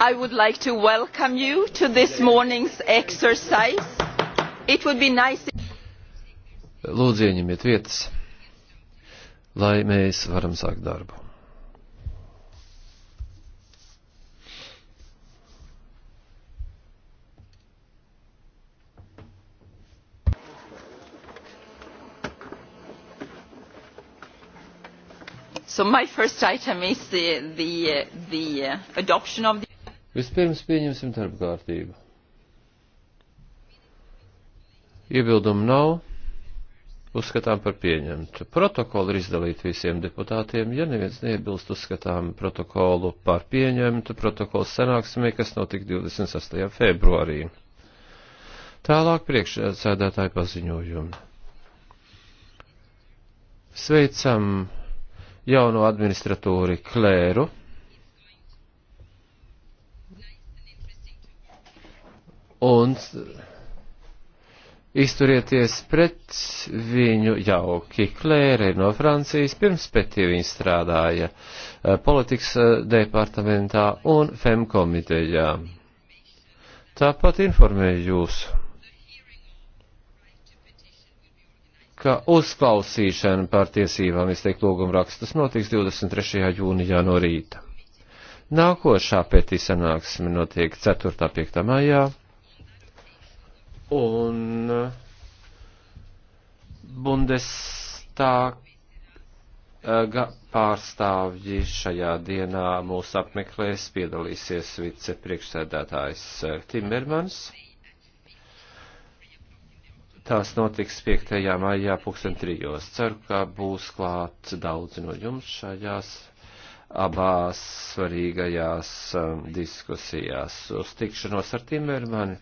i would like to welcome you to this morning's exercise. it would be nice. lūdzu ieņemiet vietas, lai mēs varam sākt darbu. So my first item is the, the, uh, the uh, adoption of the Vispirms pieņemsim darba kārtību. Iebildumu nav. Uzskatām par pieņemtu. Protokoli ir izdalīti visiem deputātiem. Ja neviens neiebilst, uzskatām protokolu par pieņemtu. Protokols sanāksmē, kas notika 26. februārī. Tālāk priekšsēdētāju paziņojumi. Sveicam jauno administratūri Klēru. un izturieties pret viņu jauki. Klēra ir no Francijas, pirms pētī viņa strādāja eh, politikas eh, departamentā un FEM komitejā. Tāpat informēju jūs, ka uzklausīšana par tiesībām izteikt lūgumrakstus notiks 23. jūnijā no rīta. Nākošā pētī sanāksme notiek 4.5. maijā un eh, Bundestāga eh, pārstāvji šajā dienā mūs apmeklēs, piedalīsies vicepriekšsēdētājs eh, Timermans. Tās notiks 5. maijā pulksten trijos. Ceru, ka būs klāt daudzi no jums šajās abās svarīgajās um, diskusijās. Uz tikšanos ar Timermani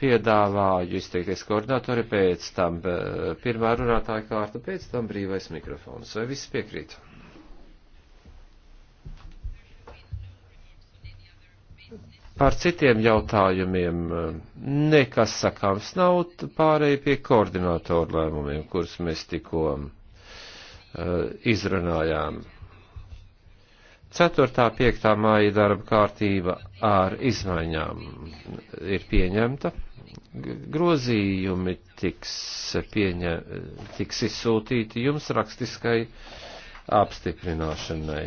piedāvāju izteikties koordinatori, pēc tam eh, pirmā runātāja kārta, pēc tam brīvais mikrofons. Vai viss piekrīt? Par citiem jautājumiem eh, nekas sakāms nav pārēj pie koordinatoru lēmumiem, kurus mēs tikko uh, izrunājām. 4.5. māja darba kārtība ar izmaiņām ir pieņemta. Grozījumi tiks, pieņem, tiks izsūtīti jums rakstiskai apstiprināšanai.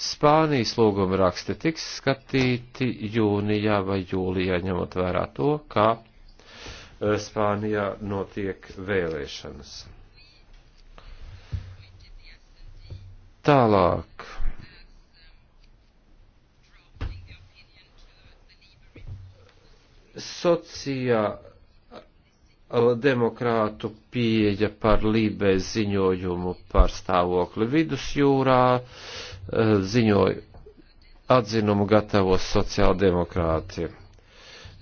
Spānijas lūguma raksti tiks skatīti jūnijā vai jūlijā, ņemot vērā to, kā e, Spānijā notiek vēlēšanas. Tālāk sociāldemokrātu pieeja par Lībē ziņojumu par stāvokli vidusjūrā, eh, ziņoju atzinumu gatavo sociāldemokrāti.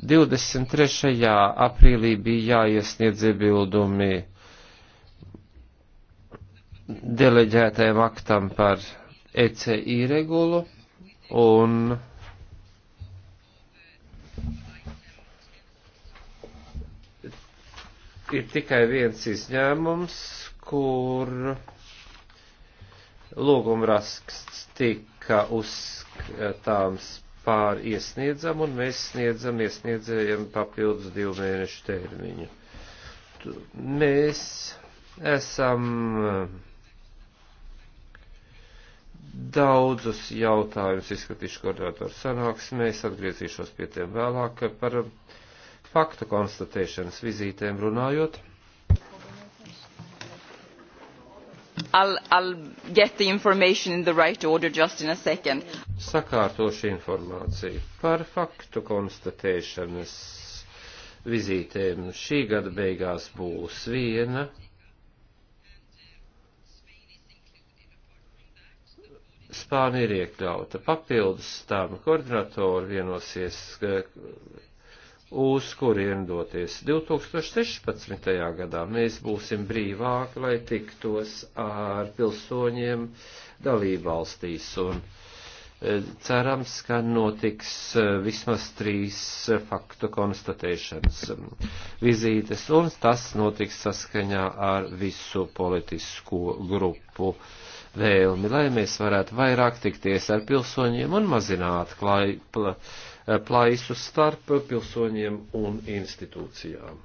23. aprīlī bija jāiesniedz iebildumi deleģētajam aktam par ECI regulu un ir tikai viens izņēmums, kur lūgumraksts tika uzskatāms pār iesniedzam, un mēs sniedzam iesniedzējiem papildus divu mēnešu termiņu. Mēs esam eh, daudzus jautājumus izskatīšu koordinatoru sanāksmēs, atgriezīšos pie tiem vēlāk par uh, faktu konstatēšanas vizītēm runājot. I'll, I'll get the information in the right order just in a second. Sakārtošu informāciju par faktu konstatēšanas vizītēm. Šī gada beigās būs viena. Spānija ir iekļauta. Papildus tam koordinatori vienosies uz kuriem doties. 2016. gadā mēs būsim brīvāki, lai tiktos ar pilsoņiem dalībvalstīs, un e, cerams, ka notiks e, vismaz trīs faktu konstatēšanas vizītes, un tas notiks saskaņā ar visu politisko grupu vēlmi, lai mēs varētu vairāk tikties ar pilsoņiem un mazināt klai, pla, Eh, plaisu starp pilsoņiem un institūcijām.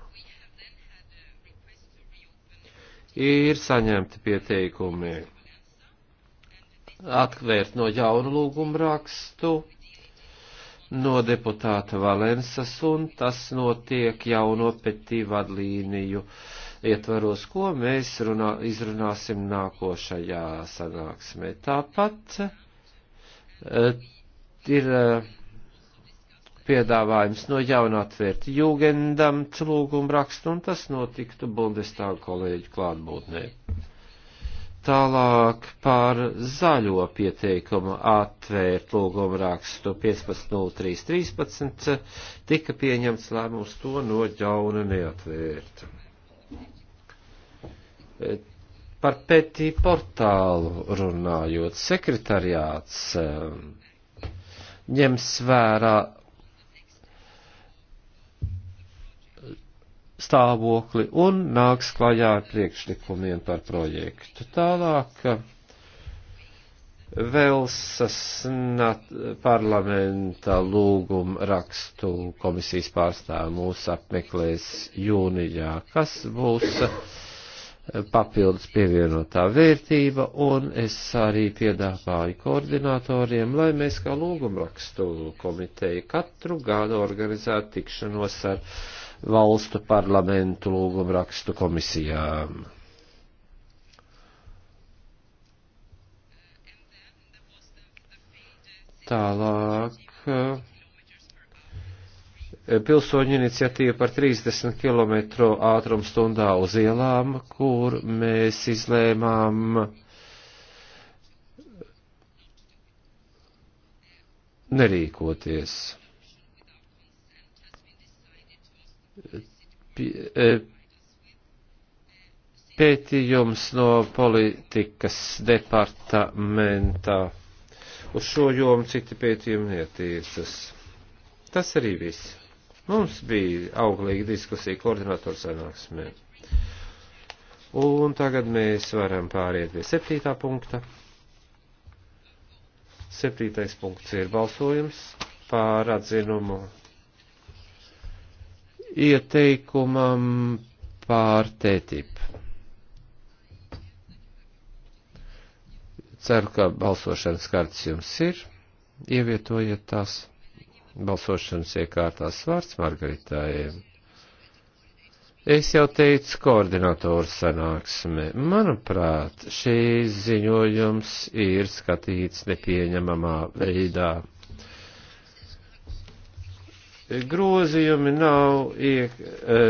Ir saņemti pieteikumi atvērt no jaunu lūgumu rakstu no deputāta Valensas, un tas notiek jauno petī vadlīniju ietvaros, ko mēs runā, izrunāsim nākošajā sanāksmē. Tāpat uh, ir. Uh, piedāvājums no jauna atvērt jūgendam lūgumu rakstu, un tas notiktu Bundestāga kolēģu klātbūtnē. Tālāk par zaļo pieteikumu atvērt lūgumu rakstu 15.03.13 tika pieņemts lēmums to no jauna neatvērt. Par pētī portālu runājot, sekretariāts ehm, ņems vērā stāvokli un nāks klajā ar priekšlikumiem par projektu. Tālāk Velsas parlamenta lūguma rakstu komisijas pārstāvja mūs apmeklēs jūnijā, kas būs papildus pievienotā vērtība, un es arī piedāvāju koordinatoriem, lai mēs kā lūgumrakstu komiteja katru gadu organizētu tikšanos ar valstu parlamentu lūgumrakstu komisijām. Tālāk. Eh, pilsoņu iniciatīva par 30 km ātrumu stundā uz ielām, kur mēs izlēmām nerīkoties. E, pētījums no politikas departamentā. Uz šo jomu citi pētījumi netiecas. Tas arī viss. Mums bija auglīga diskusija koordinatoru sanāksmē. Un tagad mēs varam pāriet pie septītā punkta. Septītais punkts ir balsojums pār atzinumu ieteikumam pār tētip. Ceru, ka balsošanas kartas jums ir. Ievietojiet tās balsošanas iekārtās vārds Margaritājiem. Es jau teicu koordinatoru sanāksmē. Manuprāt, šīs ziņojums ir skatīts nepieņemamā veidā grozījumi nav iek, e,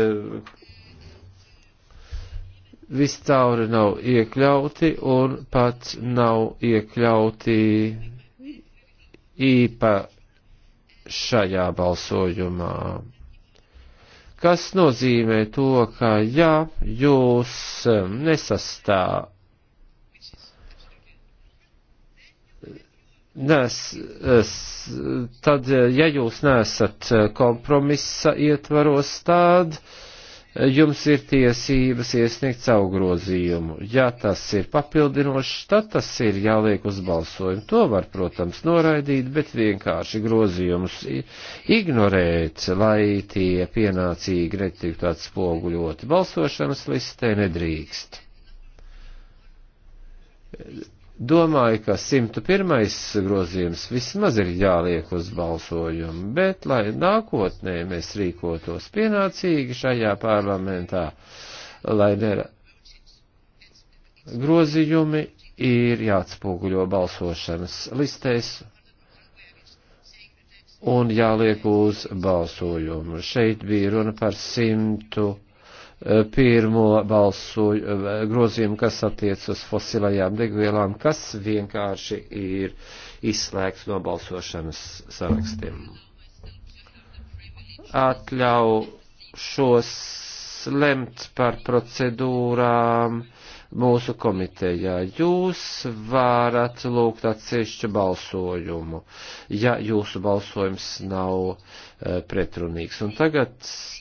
viscauri nav iekļauti un pat nav iekļauti īpa šajā balsojumā. Kas nozīmē to, ka ja jūs nesastāv nes, tad, ja jūs nesat eh, kompromisa ietvaros tād, jums ir tiesības iesniegt savu grozījumu. Ja tas ir papildinošs, tad tas ir jāliek uz balsojumu. To var, protams, noraidīt, bet vienkārši grozījumus ignorēt, lai tie pienācīgi netiktu atspoguļoti balsošanas listē nedrīkst Domāju, ka 101. grozījums vismaz ir jāliek uz balsojumu, bet lai nākotnē mēs rīkotos pienācīgi šajā parlamentā, lai nera grozījumi ir jāatspoguļo balsošanas listēs un jāliek uz balsojumu. Šeit bija runa par 100 pirmo balsu eh, grozījumu, kas attiec uz fosilajām degvielām, kas vienkārši ir izslēgts no balsošanas sarakstiem. Atļaušos lemt par procedūrām mūsu komitejā. Jūs varat lūgt atsevišķu balsojumu, ja jūsu balsojums nav eh, pretrunīgs. Un tagad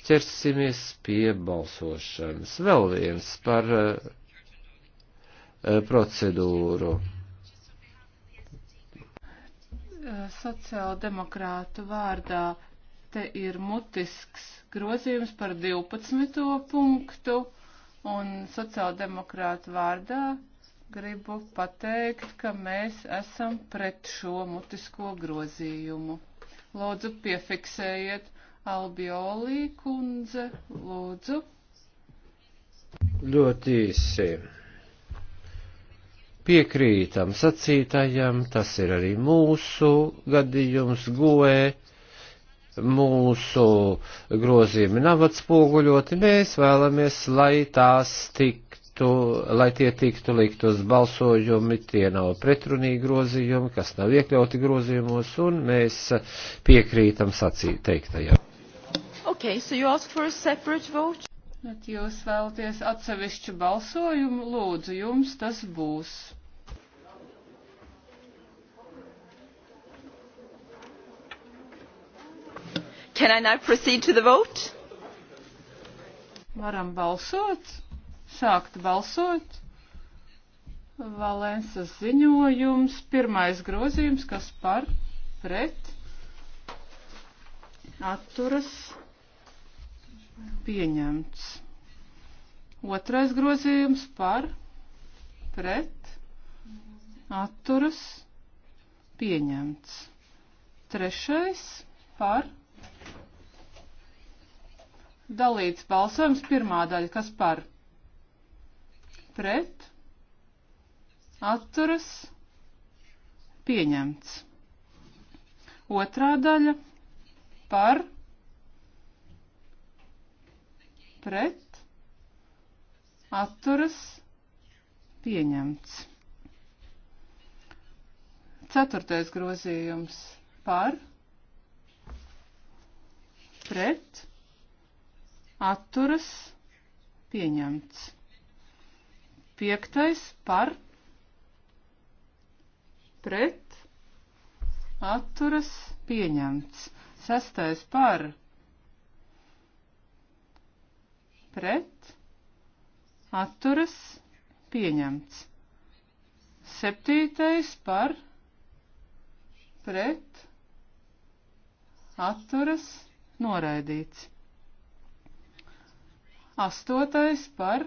ķersimies pie balsošanas. Vēl viens par eh, procedūru. Sociāldemokrātu vārdā te ir mutisks grozījums par 12. punktu Un sociāldemokrātu vārdā gribu pateikt, ka mēs esam pret šo mutisko grozījumu. Lūdzu, piefiksējiet Albiolī kundze, lūdzu. Ļoti īsi. Piekrītam sacītajam, tas ir arī mūsu gadījums goē mūsu grozījumi nav atspoguļoti, mēs vēlamies, lai tās tiktu, lai tie tiktu likt uz balsojumi, tie nav pretrunīgi grozījumi, kas nav iekļauti grozījumos, un mēs piekrītam sacīt teiktajam. Okay, so you ask for a separate vote? Bet jūs vēlaties atsevišķu balsojumu, lūdzu, jums tas būs. Can I now proceed to the vote? Varam balsot, sākt balsot. Valences ziņojums, pirmais grozījums, kas par pret atturas pieņemts. Otrais grozījums par pret atturas pieņemts. Trešais par pret Dalīts balsojums pirmā daļa, kas par pret atturas pieņemts. Otrā daļa par pret atturas pieņemts. Ceturtais grozījums par pret atturas pieņemts. Piektais par pret atturas pieņemts. Sestais par pret atturas pieņemts. Septītais par pret atturas noraidīts. Astotais par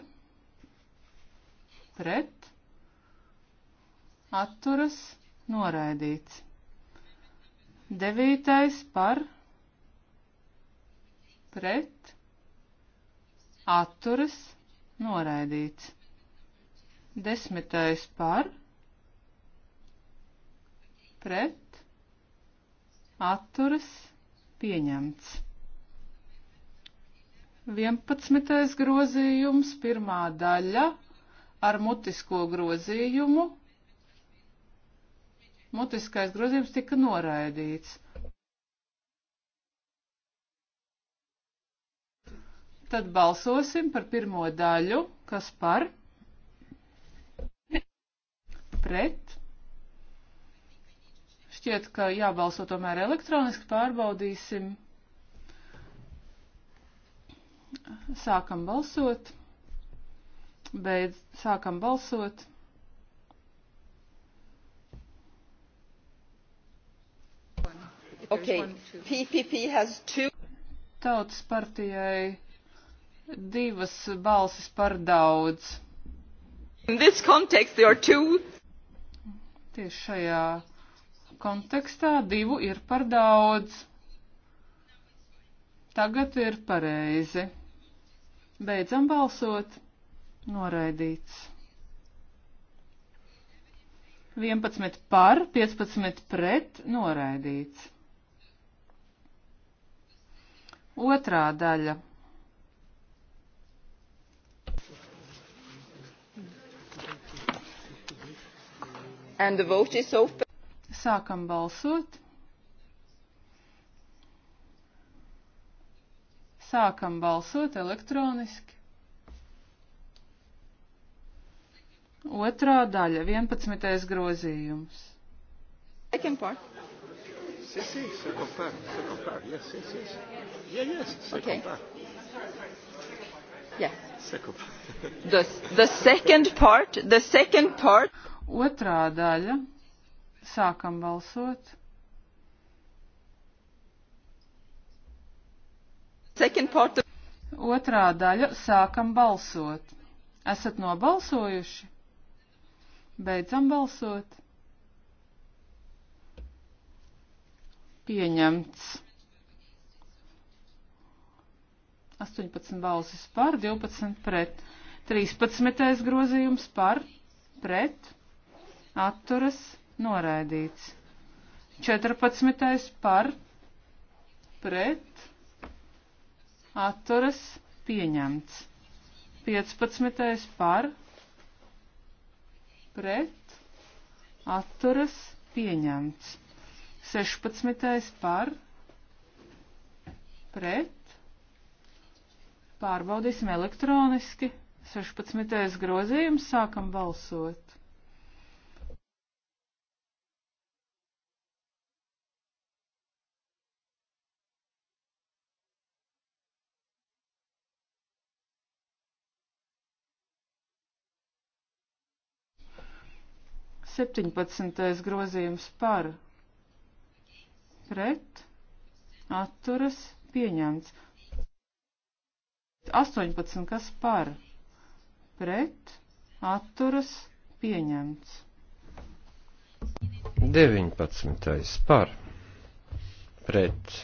pret atturas noraidīts. Devītais par pret atturas noraidīts. Desmitais par pret atturas pieņemts. 11. grozījums, pirmā daļa ar mutisko grozījumu. Mutiskais grozījums tika noraidīts. Tad balsosim par pirmo daļu, kas par pret. Šķiet, ka jābalso tomēr elektroniski pārbaudīsim. Sākam balsot. Beidz. Sākam balsot. Okay. PPP has two. Tautas partijai divas balsis par daudz. In this context there are two. Tieši šajā kontekstā divu ir par daudz. Tagad ir pareizi. Beidzam balsot. Noraidīts. 11 par, 15 pret, noraidīts. Otrā daļa. Sākam balsot. Sākam balsot elektroniski. Otrā daļa, 11. grozījums. Second part. Si, si, second part, second part. Yes, yes, yes. Yeah, yes, second okay. part. Yeah. Second part. the, the second part, the second part. Otrā daļa. Sākam balsot. Otrā daļa - sākam balsot. Esat nobalsojuši? Beidzam balsot. Pieņemts. 18 balsis par, 12 pret. 13. grozījums par, pret, atturas, noraidīts. 14. par, pret, atturas pieņemts. 15. par pret atturas pieņemts. 16. par pret pārbaudīsim elektroniski. 16. grozījums sākam balsot. 17. grozījums par pret atturas pieņemts. 18. kas par pret atturas pieņemts. 19. par pret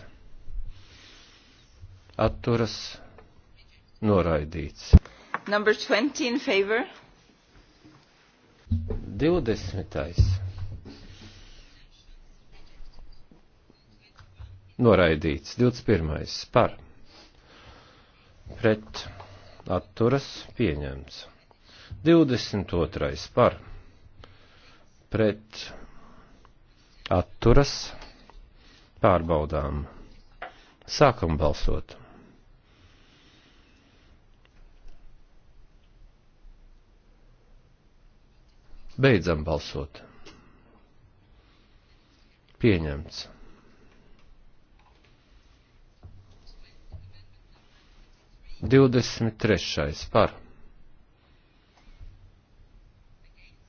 atturas noraidīts. Number 20 in favor. 20. Noraidīts. 21. par. Pret. Atturas. Pieņemts. 22. par. Pret. Atturas. Pārbaudām. Sākam balsot. Beidzam balsot. Pieņemts. Divdesmit trešais par.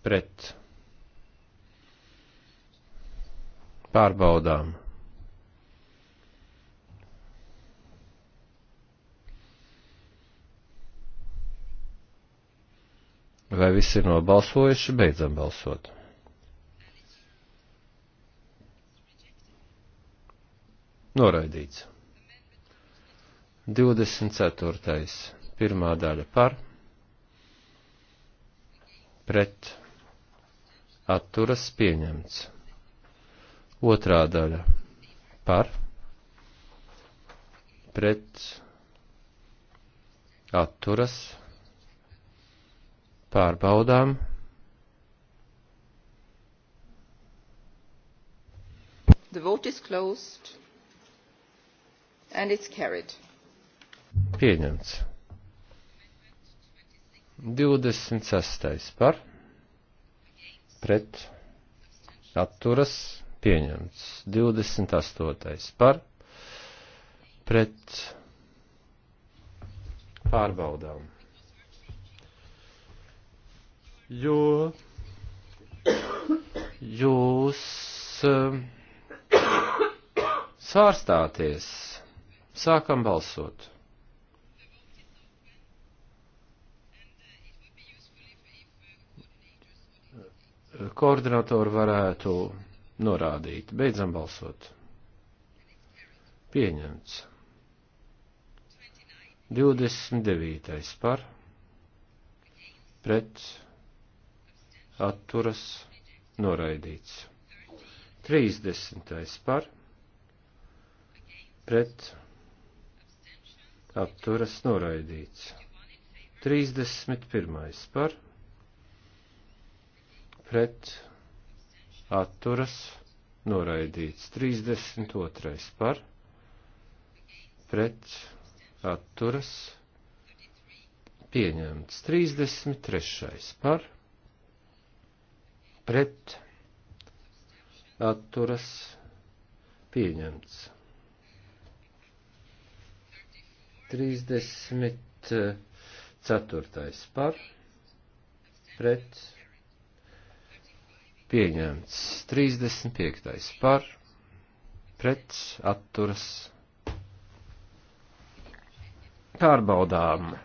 Pret. Pārbaudām. Vai visi ir nobalsojuši? Beidzam balsot. Noraidīts. 24. pirmā daļa par, pret, atturas pieņemts. Otrā daļa par, pret, atturas pieņemts pārbaudām. The vote is closed and it's carried. Pieņemts. 26. par pret atturas pieņemts. 28. par pret pārbaudām jo jūs eh, svārstāties. Sākam balsot. Koordinatori varētu norādīt. Beidzam balsot. Pieņemts. 29. par pret atturas noraidīts. 30. par pret apturas noraidīts. 31. par pret atturas noraidīts. 32. par pret atturas pieņemts. 33. par pret pret atturas pieņemts. 34. par pret pieņemts. 35. par pret atturas pārbaudām.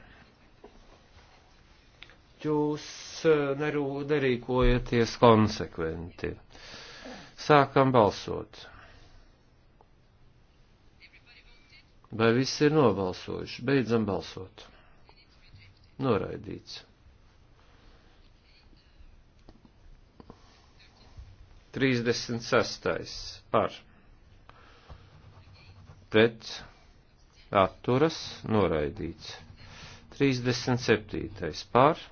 Jūs Eh, nerū, nerīkojieties konsekventi. Sākam balsot. Vai viss ir nobalsojuši? Beidzam balsot. Noraidīts. 36. par pret atturas noraidīts. 37. par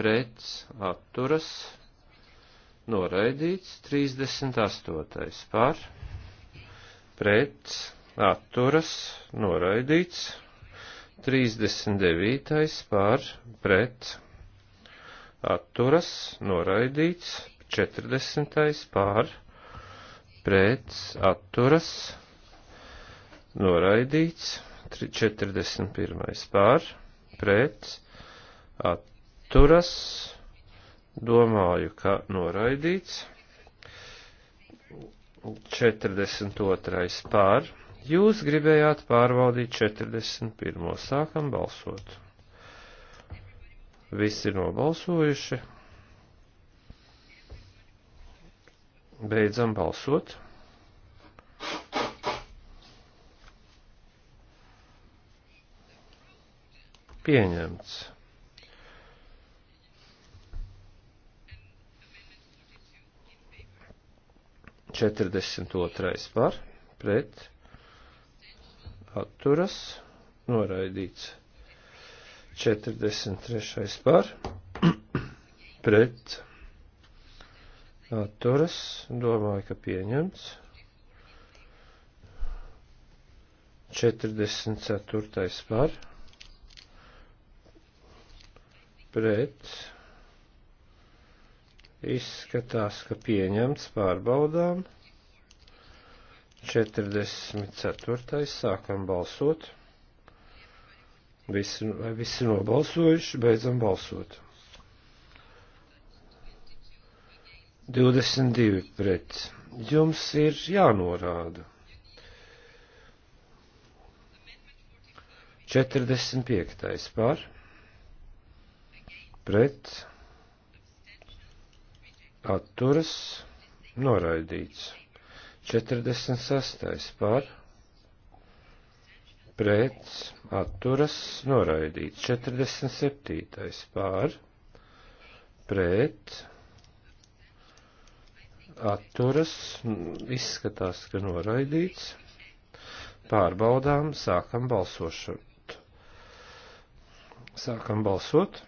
pret atturas noraidīts 38. par pret atturas noraidīts 39. par pret atturas noraidīts 40. par pret atturas noraidīts 41. par pret atturas atturas, domāju, ka noraidīts. 42. pār. Jūs gribējāt pārbaudīt 41. sākam balsot. Visi nobalsojuši. Beidzam balsot. Pieņemts. 42. par pret atturas noraidīts. 43. par pret atturas domāju, ka pieņemts. 44. par pret Izskatās, ka pieņemts pārbaudām. 44. sākam balsot. Visi, vai visi nobalsojuši, beidzam balsot. 22 pret. Jums ir jānorāda. 45. par. Pret atturas noraidīts. 46. par pret atturas noraidīts. 47. par pret atturas izskatās, ka noraidīts. Pārbaudām, sākam balsošot. Sākam balsot.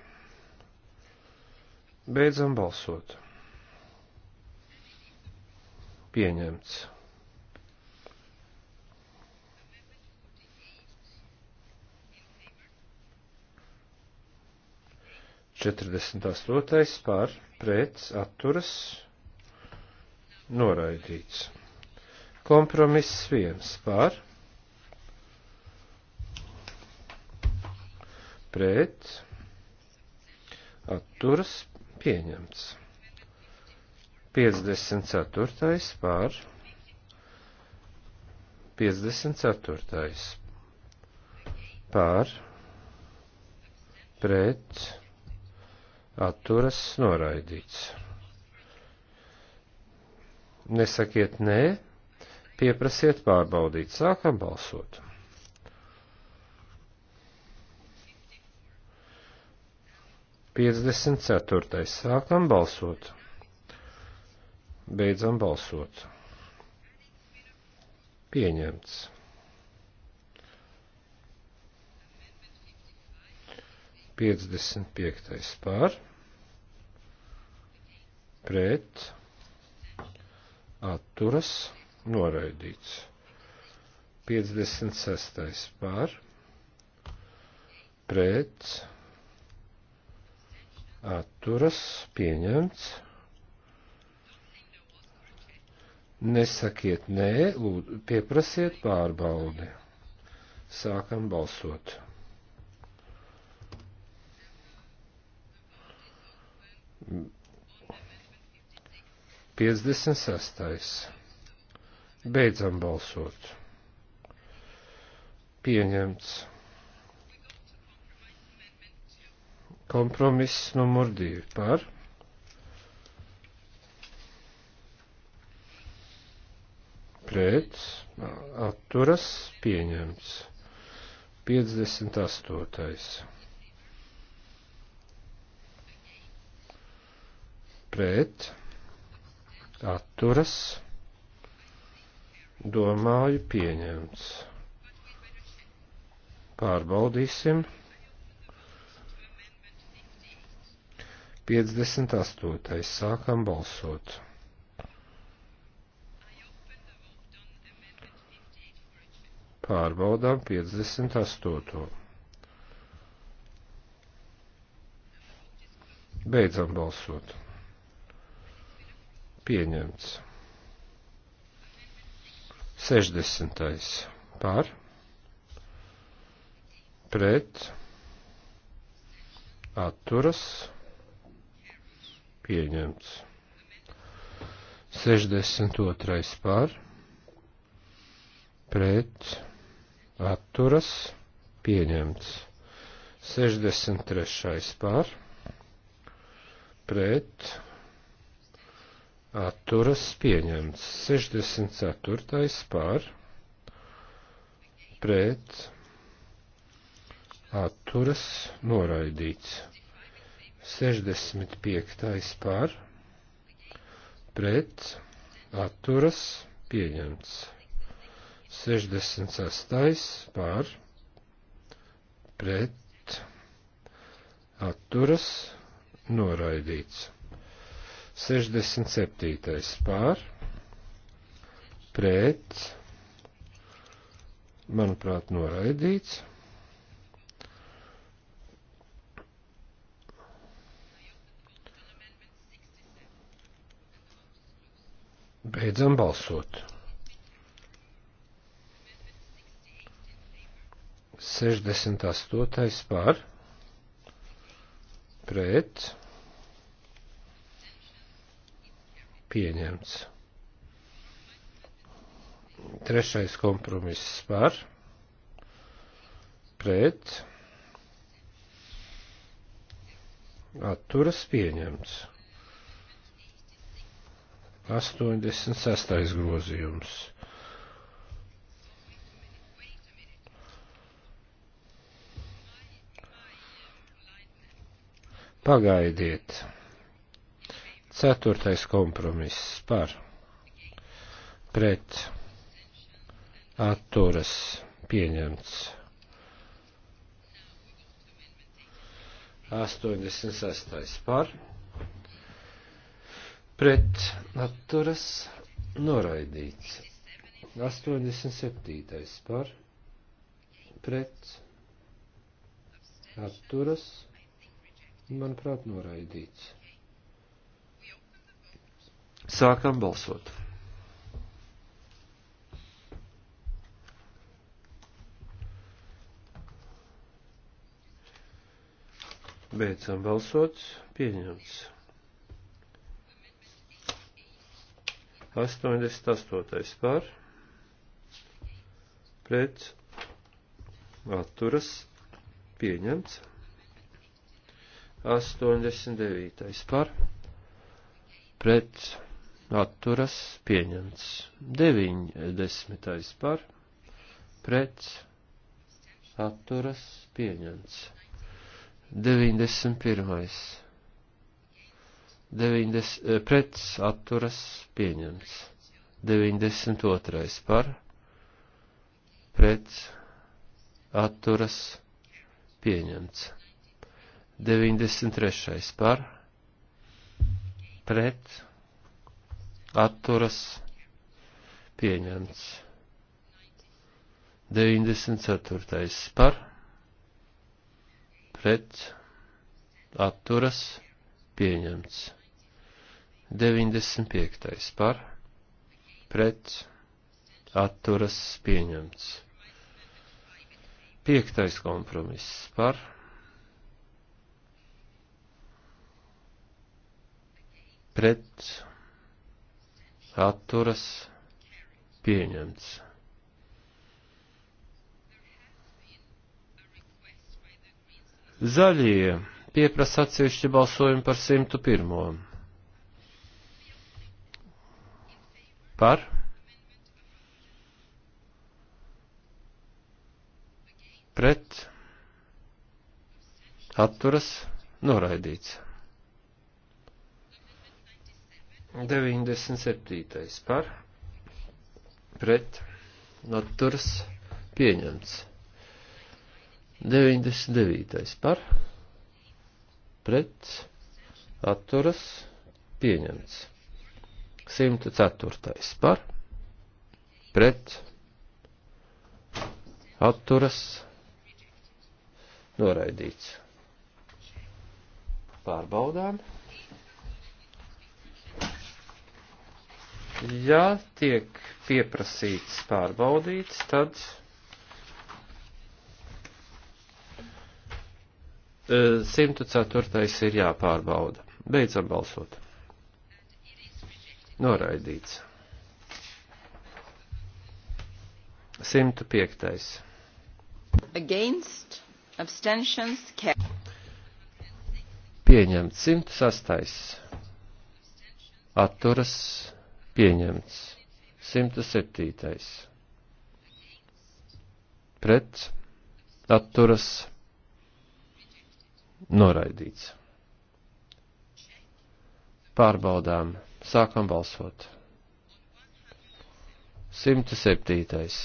Beidzam balsot pieņemts. Četrdesmit astotais par pret atturas noraidīts. Kompromiss viens par pret atturas pieņemts. 54. pār 54. pār pret atturas noraidīts. Nesakiet nē, pieprasiet pārbaudīt, sākam balsot. Piecdesmit ceturtais, sākam balsot. Beidzam balsot. Pieņemts. 55. pār, pret, atturas, noraidīts. 56. pār, pret, atturas, pieņemts. Nesakiet nē, lūdzu, pieprasiet pārbaudi. Sākam balsot. Piecdesmit sastais. Beidzam balsot. Pieņemts. Kompromiss numur divi par pret, atturas, pieņemts. 58. Pret, atturas, domāju, pieņemts. Pārbaudīsim. 58. Sākam balsot. Pārbaudām 58. Beidzam balsot. Pieņemts. 60. Pār. Pret. Atturas. Pieņemts. 62. Pār. Pret atturas pieņemts. 63. par pret atturas pieņemts. 64. par pret atturas noraidīts. 65. par pret atturas pieņemts. 66. pār pret atturas noraidīts. 67. pār pret, manuprāt, noraidīts. Beidzam balsot. 68. par pret pieņemts. Trešais kompromiss par pret atturas pieņemts. 86. grozījums Pagaidiet. Ceturtais kompromiss par pret atturas pieņemts. 86. par pret atturas noraidīts. 87. par pret atturas noraidīts Manuprāt, noraidīts. Sākam balsot. Beidzam balsot. Pieņemts. 88. par. Pret. Atturas. Pieņemts. 89. par pret atturas pieņemts. 90. par pret atturas pieņemts. 91. 90, eh, pret atturas pieņemts. 92. par pret atturas pieņemts. 93. par pret atturas pieņemts. 94. par pret atturas pieņemts. 95. par pret atturas pieņemts. 5. kompromiss par pret pret atturas pieņemts. Zaļie pieprasa atsevišķi balsojumu par 101. Par? Pret? Atturas? Noraidīts. 97. par pret atturs pieņemts. 99. par pret atturas pieņemts. 104. par pret atturas noraidīts. Pārbaudām. Ja tiek pieprasīts pārbaudīts, tad e, 104. ir jāpārbauda. Beidzam balsot. Noraidīts. 105. Against abstentions Pieņemts 106. Atturas pieņemts. 107. Pret atturas noraidīts. Pārbaudām, sākam balsot. 107.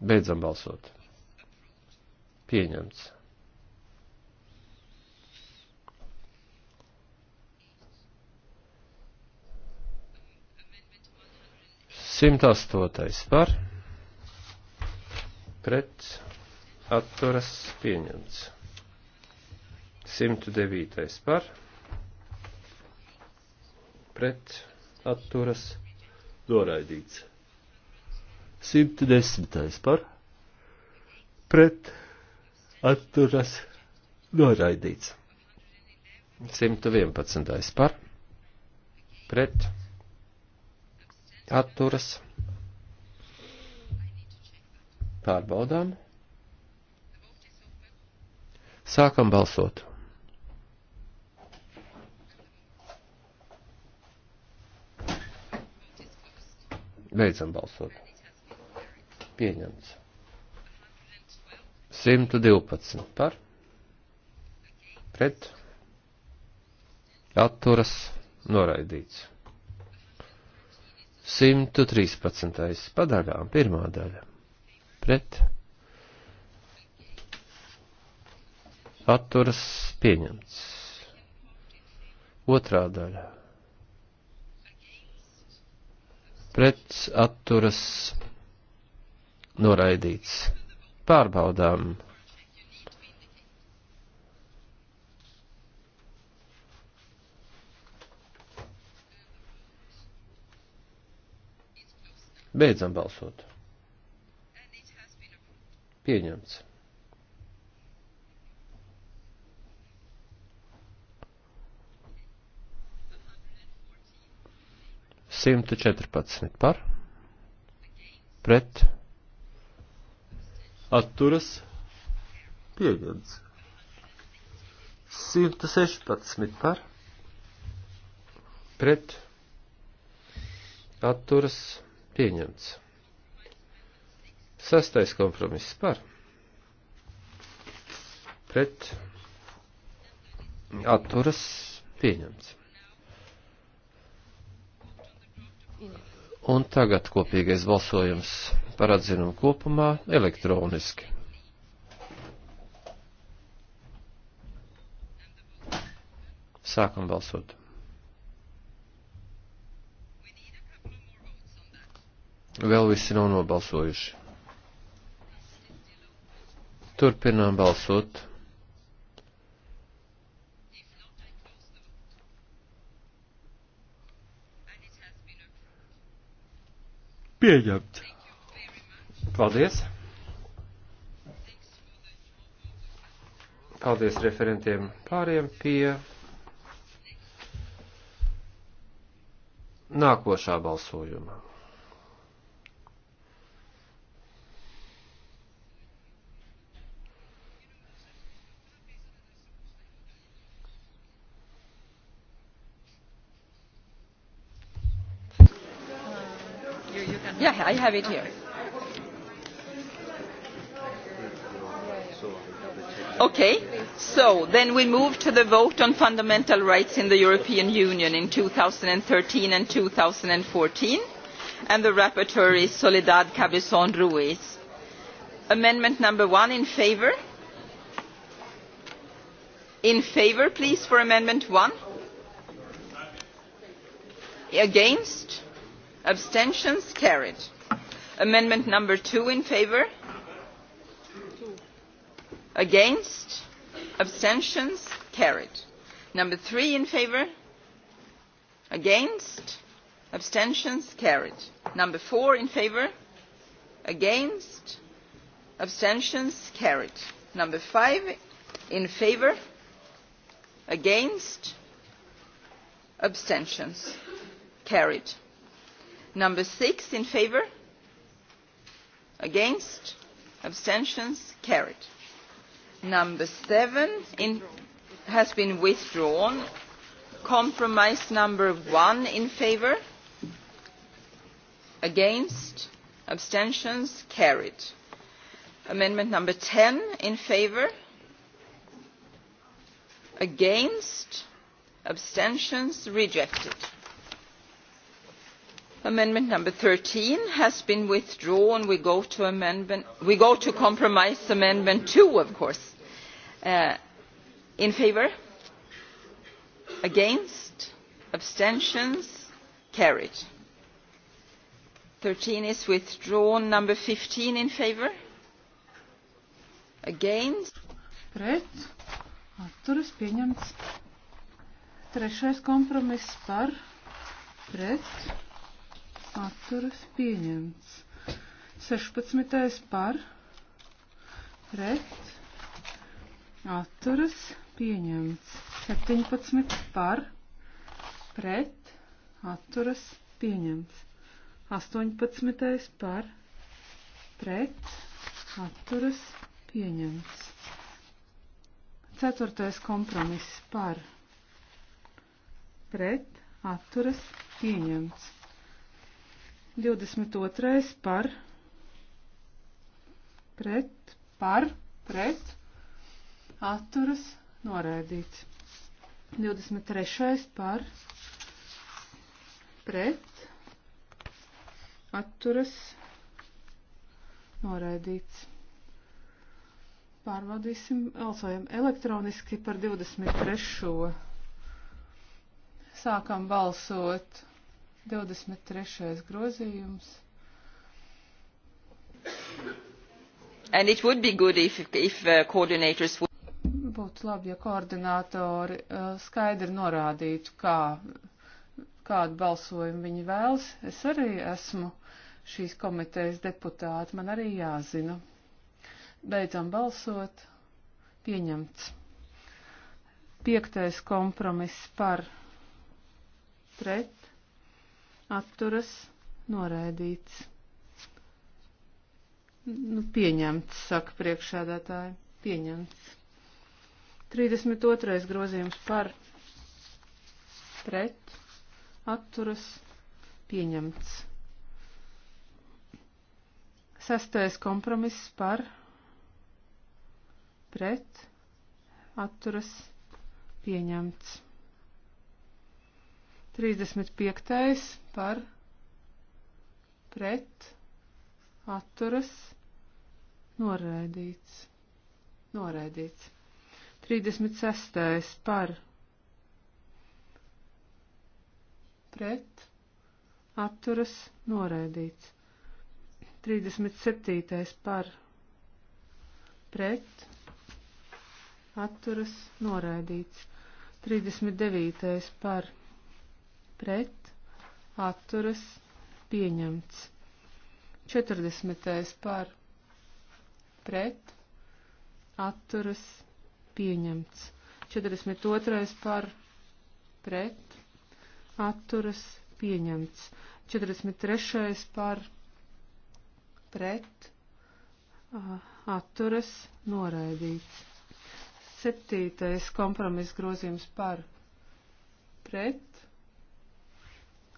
Beidzam balsot. Pieņemts. 108. par pret atturas pieņemts. 109. par pret atturas noraidīts. 110. par pret atturas noraidīts. 111. par pret atturas pārbaudām. Sākam balsot. Beidzam balsot. Pieņemts. 112 par. Pret. Atturas. Noraidīts. 113. padaļām, pirmā daļa. Pret. Atturas pieņemts. Otrā daļa. Pret atturas noraidīts. Pārbaudām Beidzam balsot. Pieņemts. Simtu četrpadsmit par, pret, atturas, pieņemts. 116 par pret atturas pieņemts. Sastais kompromiss par pret atturas pieņemts. Un tagad kopīgais balsojums par atzinumu kopumā elektroniski. Sākam balsot. Vēl visi nav nobalsojuši. Turpinām balsot. Pieņemt. Paldies. Paldies referentiem pāriem pie nākošā balsojuma. I have it here. Okay, so then we move to the vote on fundamental rights in the European Union in 2013 and 2014, and the rapporteur is Soledad Cabezon Ruiz. Amendment number one in favour? In favour, please, for amendment one? Against? abstentions carried amendment number two in favour against abstentions carried number three in favour against abstentions carried number four in favour against abstentions carried number five in favour against abstentions carried number six in favour against abstentions carried number seven in, has been withdrawn compromise number one in favour against abstentions carried amendment number ten in favour against abstentions rejected amendment number thirteen has been withdrawn. we go to amendment we go to compromise amendment two of course uh, in favour against abstentions carried thirteen is withdrawn number fifteen in favour against pret atturas pieņemts trešais kompromiss par pret atturas pieņemts. 16. par pret atturas pieņemts. 17. par pret atturas pieņemts. 18. par pret atturas pieņemts. 4. kompromiss par pret atturas pieņemts. 22. par pret, par, pret, atturas, noraidīts. 23. par, pret, atturas, noraidīts. Pārbaudīsim, balsojam elektroniski par 23. Sākam balsot. 23. grozījums. And it would be good if, if uh, coordinators would būtu labi, ja koordinātori uh, skaidri norādītu, kā, kādu balsojumu viņi vēlas. Es arī esmu šīs komitejas deputāti, man arī jāzina. Beidzam balsot. Pieņemts. Piektais kompromiss par pret atturas noraidīts. Nu, pieņemts, saka priekšsēdētāji, pieņemts. 32. grozījums par pret, atturas, pieņemts. Sastais kompromiss par pret, atturas, pieņemts. 35. par pret atturas noraidīts. Noraidīts. 36. par pret atturas noraidīts. 37. par pret atturas noraidīts. 39. par pret pret atturas pieņemts. 40. par pret atturas pieņemts. 42. par pret atturas pieņemts. 43. par pret atturas noraidīts. 7. kompromiss grozījums par pret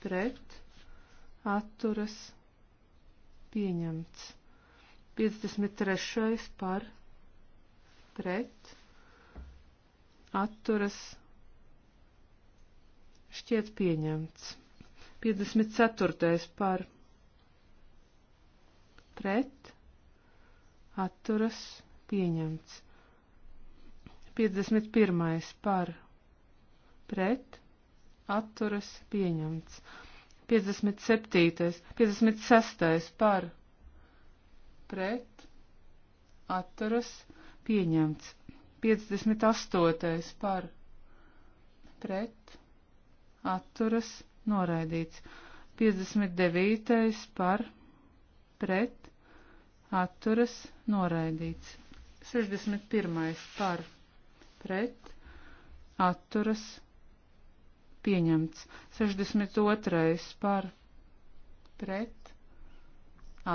pret, atturas, pieņemts. 53. par, pret, atturas, šķiet pieņemts. 54. par, pret, atturas, pieņemts. 51. par, pret, atturas pieņemts. 57. 56. par pret atturas pieņemts. 58. par pret atturas noraidīts. 59. par pret atturas noraidīts. 61. par pret atturas noraidīts atturas pieņemts. 62. par pret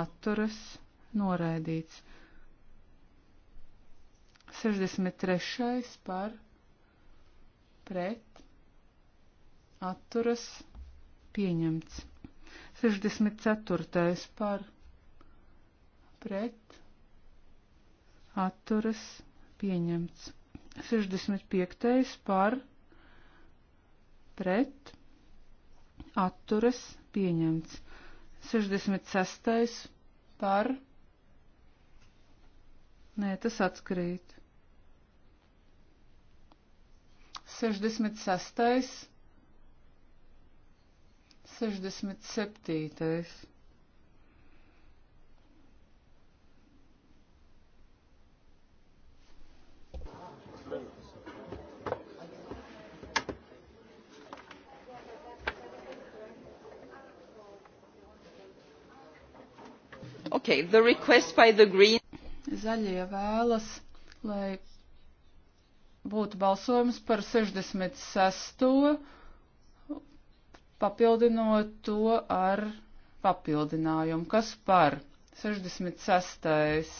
atturas noraidīts. 63. par pret atturas pieņemts. 64. par pret atturas pieņemts. 65. par pret pret, atturas, pieņemts. 66. par, nē, tas atskrīt. 66. 67. Okay, the request by the Green. Zaļie vēlas, lai būtu balsojums par 66. papildinot to ar papildinājumu. Kas par 66.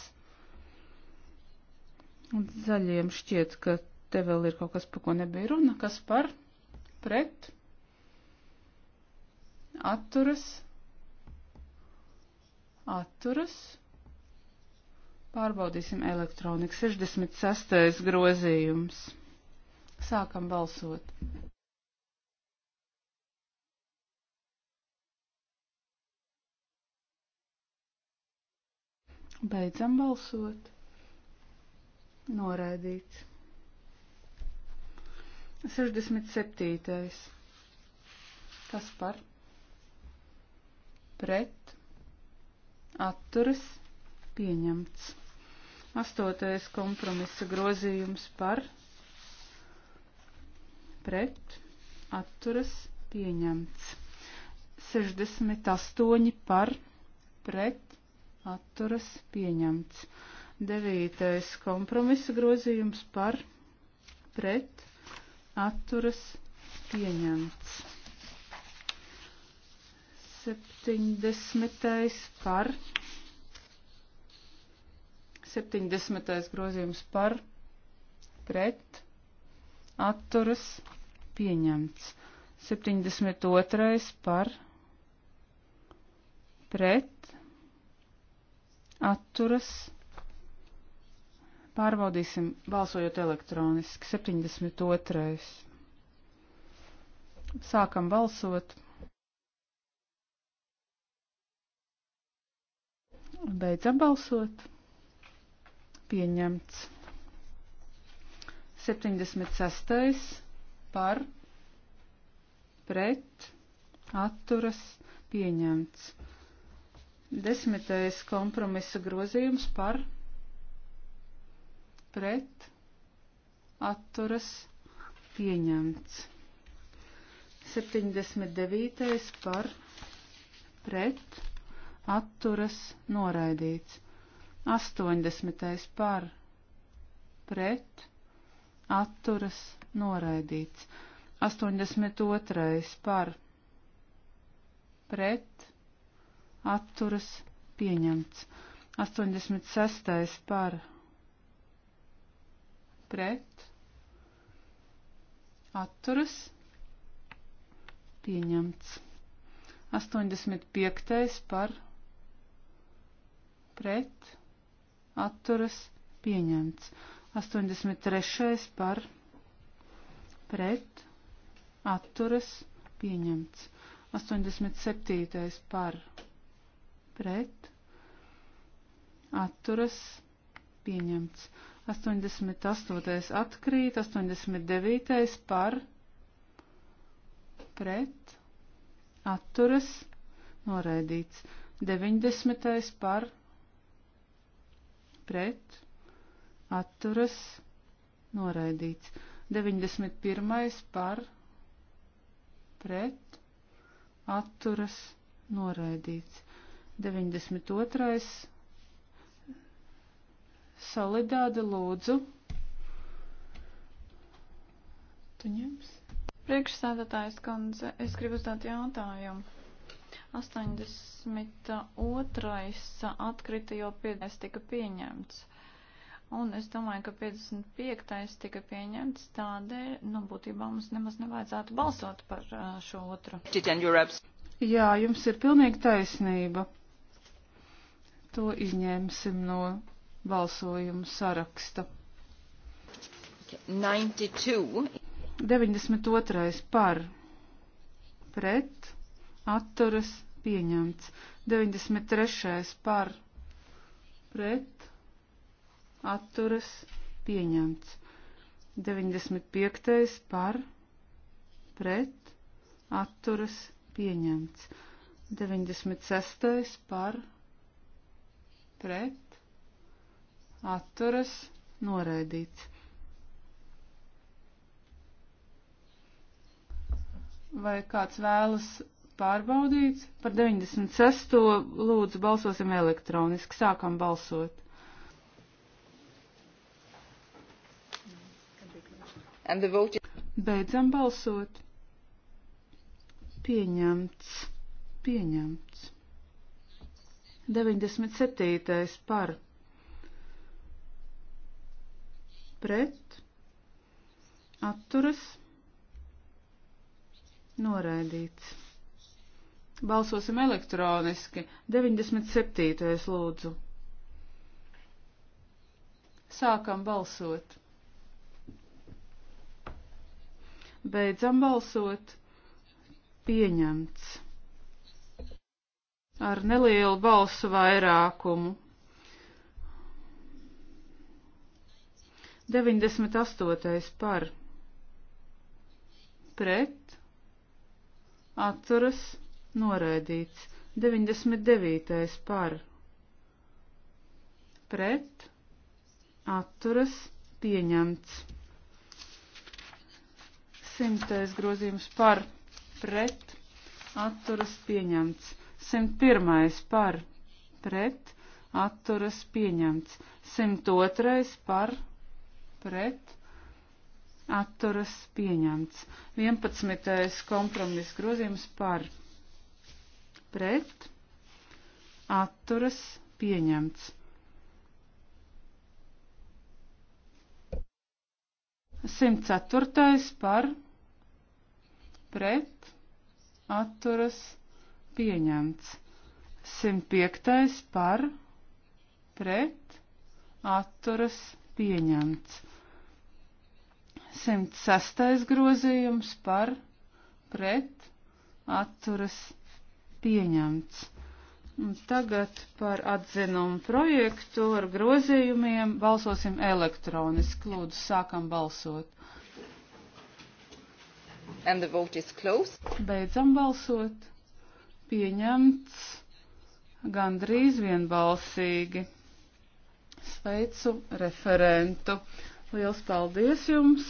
Un zaļiem šķiet, ka te vēl ir kaut kas, par ko nebija runa. Kas par? Pret? Atturas? atturas. Pārbaudīsim elektroniku. 66. grozījums. Sākam balsot. Beidzam balsot. Noraidīts. 67. Kas par? Pret atturas pieņemts. Astotais kompromisa grozījums par pret atturas pieņemts. 68 par pret atturas pieņemts. Devītais kompromisa grozījums par pret atturas pieņemts. 70. par. 70. grozījums par, pret, atturas, pieņemts. 72. par, pret, atturas, pārbaudīsim balsojot elektroniski. 72. Sākam balsot. Beidzam balsot. Pieņemts. 76. par pret atturas pieņemts. Desmitais kompromisa grozījums par pret atturas pieņemts. 79. par pret atturas noraidīts. 80. par pret atturas noraidīts. 82. par pret atturas pieņemts. 86. par pret atturas pieņemts. 85. par pret pret, atturas, pieņemts. 83. par, pret, atturas, pieņemts. 87. par, pret, atturas, pieņemts. 88. atkrīt, 89. par, pret, atturas, noraidīts. 90. par pret, atturas, noraidīts. 91. par, pret, atturas, noraidīts. 92. solidāde lūdzu. Tu ņems? Priekšsēdētājs kundze, es gribu uzdot jautājumu. 82. atkrita, jo 50. tika pieņemts. Un es domāju, ka 55. tika pieņemts tādēļ, nu, būtībā mums nemaz nevajadzētu balsot par šo otru. Jā, jums ir pilnīgi taisnība. To izņemsim no balsojuma saraksta. 92. 92. par pret atturas pieņemts. 93. par pret atturas pieņemts. 95. par pret atturas pieņemts. 96. par pret atturas noraidīts. Vai kāds vēlas pārbaudīts. Par 96. lūdzu balsosim elektroniski. Sākam balsot. Vote... Beidzam balsot. Pieņemts. Pieņemts. 97. par. Pret. Atturas. Noraidīts. Balsosim elektroniski. 97. lūdzu. Sākam balsot. Beidzam balsot. Pieņemts. Ar nelielu balsu vairākumu. 98. par. Pret. Atturas noraidīts. 99. par pret atturas pieņemts. 100. grozījums par pret atturas pieņemts. 101. par pret atturas pieņemts. 102. par pret atturas pieņemts. 11. kompromiss grozījums par pret pret, atturas, pieņemts. Simt ceturtais par, pret, atturas, pieņemts. Simt piektais par, pret, atturas, pieņemts. 106. grozījums par pret atturas pieņemts. Un tagad par atzinumu projektu ar grozījumiem balsosim elektroniski. Lūdzu, sākam balsot. And the vote is closed. Beidzam balsot. Pieņemts gandrīz vienbalsīgi. Sveicu referentu. Liels paldies jums!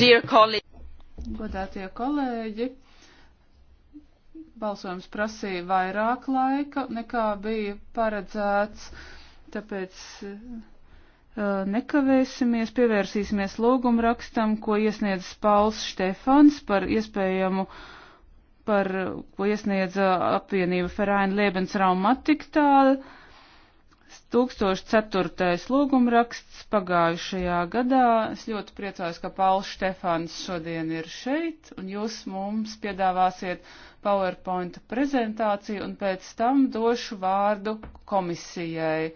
Dear colleague. Godātie kolēģi, balsojums prasīja vairāk laika nekā bija paredzēts, tāpēc eh, nekavēsimies, pievērsīsimies lūgumrakstam, ko iesniedz Pauls Štefans par iespējamu, par, ko iesniedza apvienība Ferāina Liebens Raumatiktāla 1004. lūgumraksts pagājušajā gadā. Es ļoti priecājos, ka Pauls Štefāns šodien ir šeit, un jūs mums piedāvāsiet PowerPoint prezentāciju, un pēc tam došu vārdu komisijai.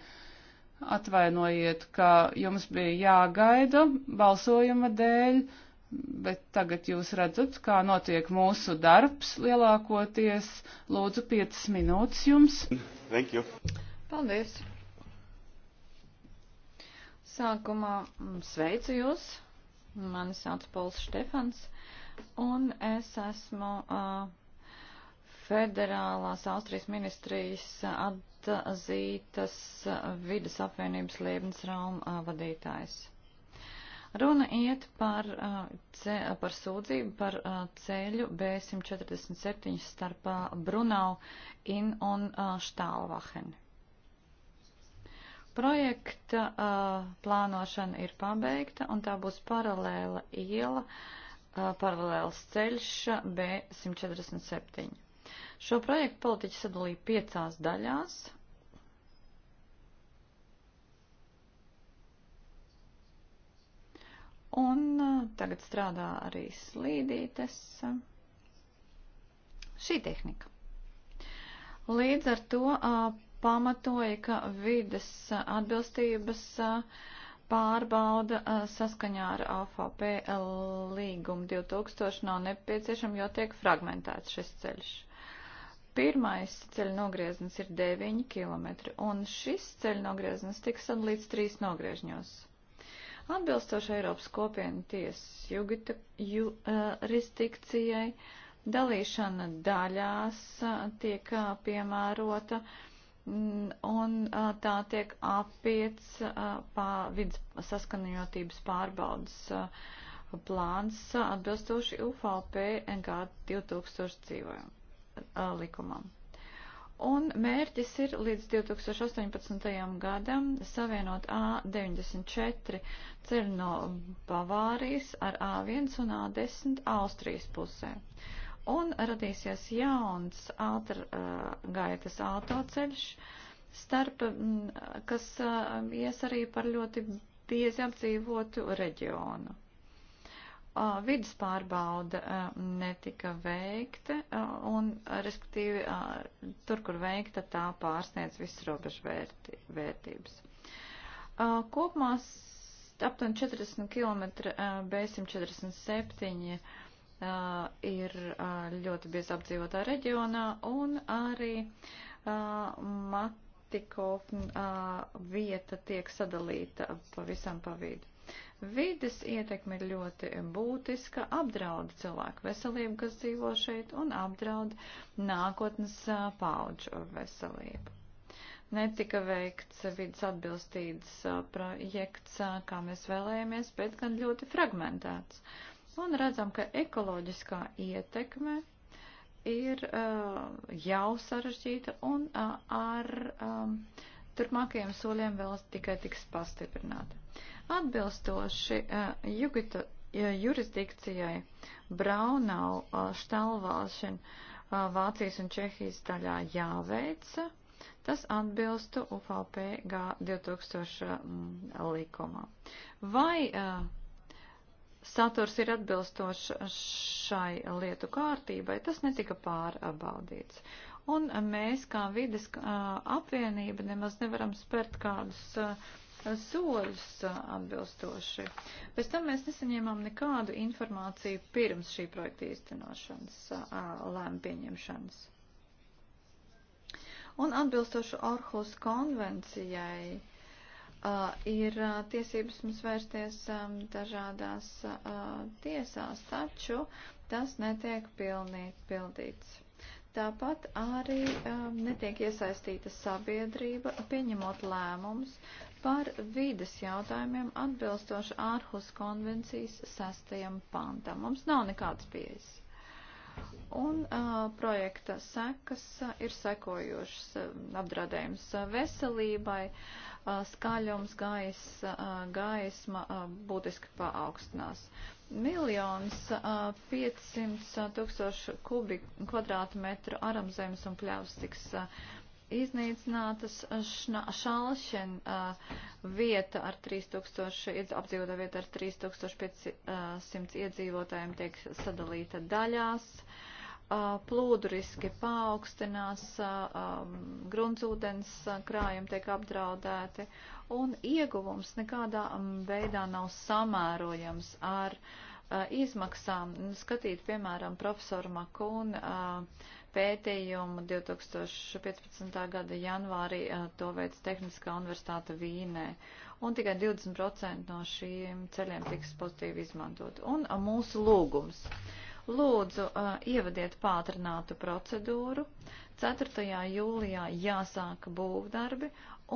Atvainojiet, ka jums bija jāgaida balsojuma dēļ, bet tagad jūs redzat, kā notiek mūsu darbs lielākoties. Lūdzu, 5 minūtes jums. Thank you. Paldies. Sākumā mm, sveicu jūs. Mani sauc Pols Štefans un es esmu uh, Federālās Austrijas ministrijas atzītas vidas apvienības Liebnes Rauma vadītājs. Runa iet par, ce, par sūdzību par ceļu B147 starp Brunau in un Štālvaheni. Projekta uh, plānošana ir pabeigta un tā būs paralēla iela, uh, paralēls ceļš B147. Šo projektu politiķi sadalīja piecās daļās. Un uh, tagad strādā arī slīdītes. Šī tehnika. Līdz ar to uh, pamatoja, ka vides atbilstības pārbauda saskaņā ar AFP līgumu 2000 nav nepieciešama, jo tiek fragmentēts šis ceļš. Pirmais ceļa nogrieziens ir 9 km, un šis ceļa nogrieziens tiks sadalīts trīs nogriežņos. Atbilstoši Eiropas kopienu tiesas jurisdikcijai, dalīšana daļās tiek piemērota uh, un tā tiek apiec pā vidas saskanījotības pārbaudas plāns atbilstoši UFLP NK 2000 dzīvojumu likumam. Un mērķis ir līdz 2018. gadam savienot A94 ceļu no Bavārijas ar A1 un A10 Austrijas pusē. Uh, un radīsies jauns ātrgaitas uh, autoceļš, starp, mm, kas uh, ies arī par ļoti biezi apdzīvotu reģionu. Uh, vidas pārbauda uh, netika veikta, uh, un, respektīvi, uh, tur, kur veikta, tā pārsniedz visas robežu vērti, vērtības. Uh, kopumā aptuveni 40 km B147 uh, ir uh, ļoti biezi apdzīvotā reģionā un arī uh, Matiko uh, vieta tiek sadalīta pavisam pa vidu. Vides ietekme ir ļoti būtiska, apdraud cilvēku veselību, kas dzīvo šeit, un apdraud nākotnes paauģu veselību. Netika veikts vidas atbilstības projekts, kā mēs vēlējāmies, bet gan ļoti fragmentēts. Uh, Un redzam, ka ekoloģiskā ietekme ir uh, jau sarežģīta un uh, ar um, turpmākajiem soļiem vēl tikai tiks pastiprināta. Atbilstoši uh, jugita, uh, jurisdikcijai Braunau uh, štalvāšana uh, Vācijas un Čehijas daļā jāveica. Tas atbilstu UVP G2000 likumam. Vai uh, saturs ir atbilstošs šai lietu kārtībai, tas netika pārbaudīts. Un mēs kā vides apvienība nemaz nevaram spērt kādus soļus atbilstoši. Pēc tam mēs nesaņēmām nekādu informāciju pirms šī projekta īstenošanas, lēma pieņemšanas. Un atbilstoši Orhus konvencijai ir tiesības mums vērsties dažādās tiesās, taču tas netiek pilnīt, pildīts. Tāpat arī netiek iesaistīta sabiedrība, pieņemot lēmumus par vides jautājumiem atbilstoši ārhus konvencijas sastajam pantam. Mums nav nekādas pieejas. Un uh, projekta sekas ir sekojošas apdraudējums veselībai. Uh, skaļums, gaisa, gaisma būtiski paaugstinās. Miljons 500 tūkstošu kubi kvadrātmetru aramzemes un pļavas tiks iznīcinātas šalšen vieta ar 3000, apdzīvotā vieta ar 3500 iedzīvotājiem tiek sadalīta daļās. Uh, plūdu riski paaugstinās, gruntsūdens krājumi tiek apdraudēti, un ieguvums nekādā veidā nav samērojams ar izmaksām. Skatīt, piemēram, profesoru Makūnu pētījumu 2015. gada janvārī to veids Tehniskā universitāte Vīnē, un tikai 20% no šīm ceļiem tiks pozitīvi izmantot. Un mūsu lūgums. Uh, Lūdzu, uh, ievadiet pātrinātu procedūru. 4. jūlijā jāsāk būvdarbi,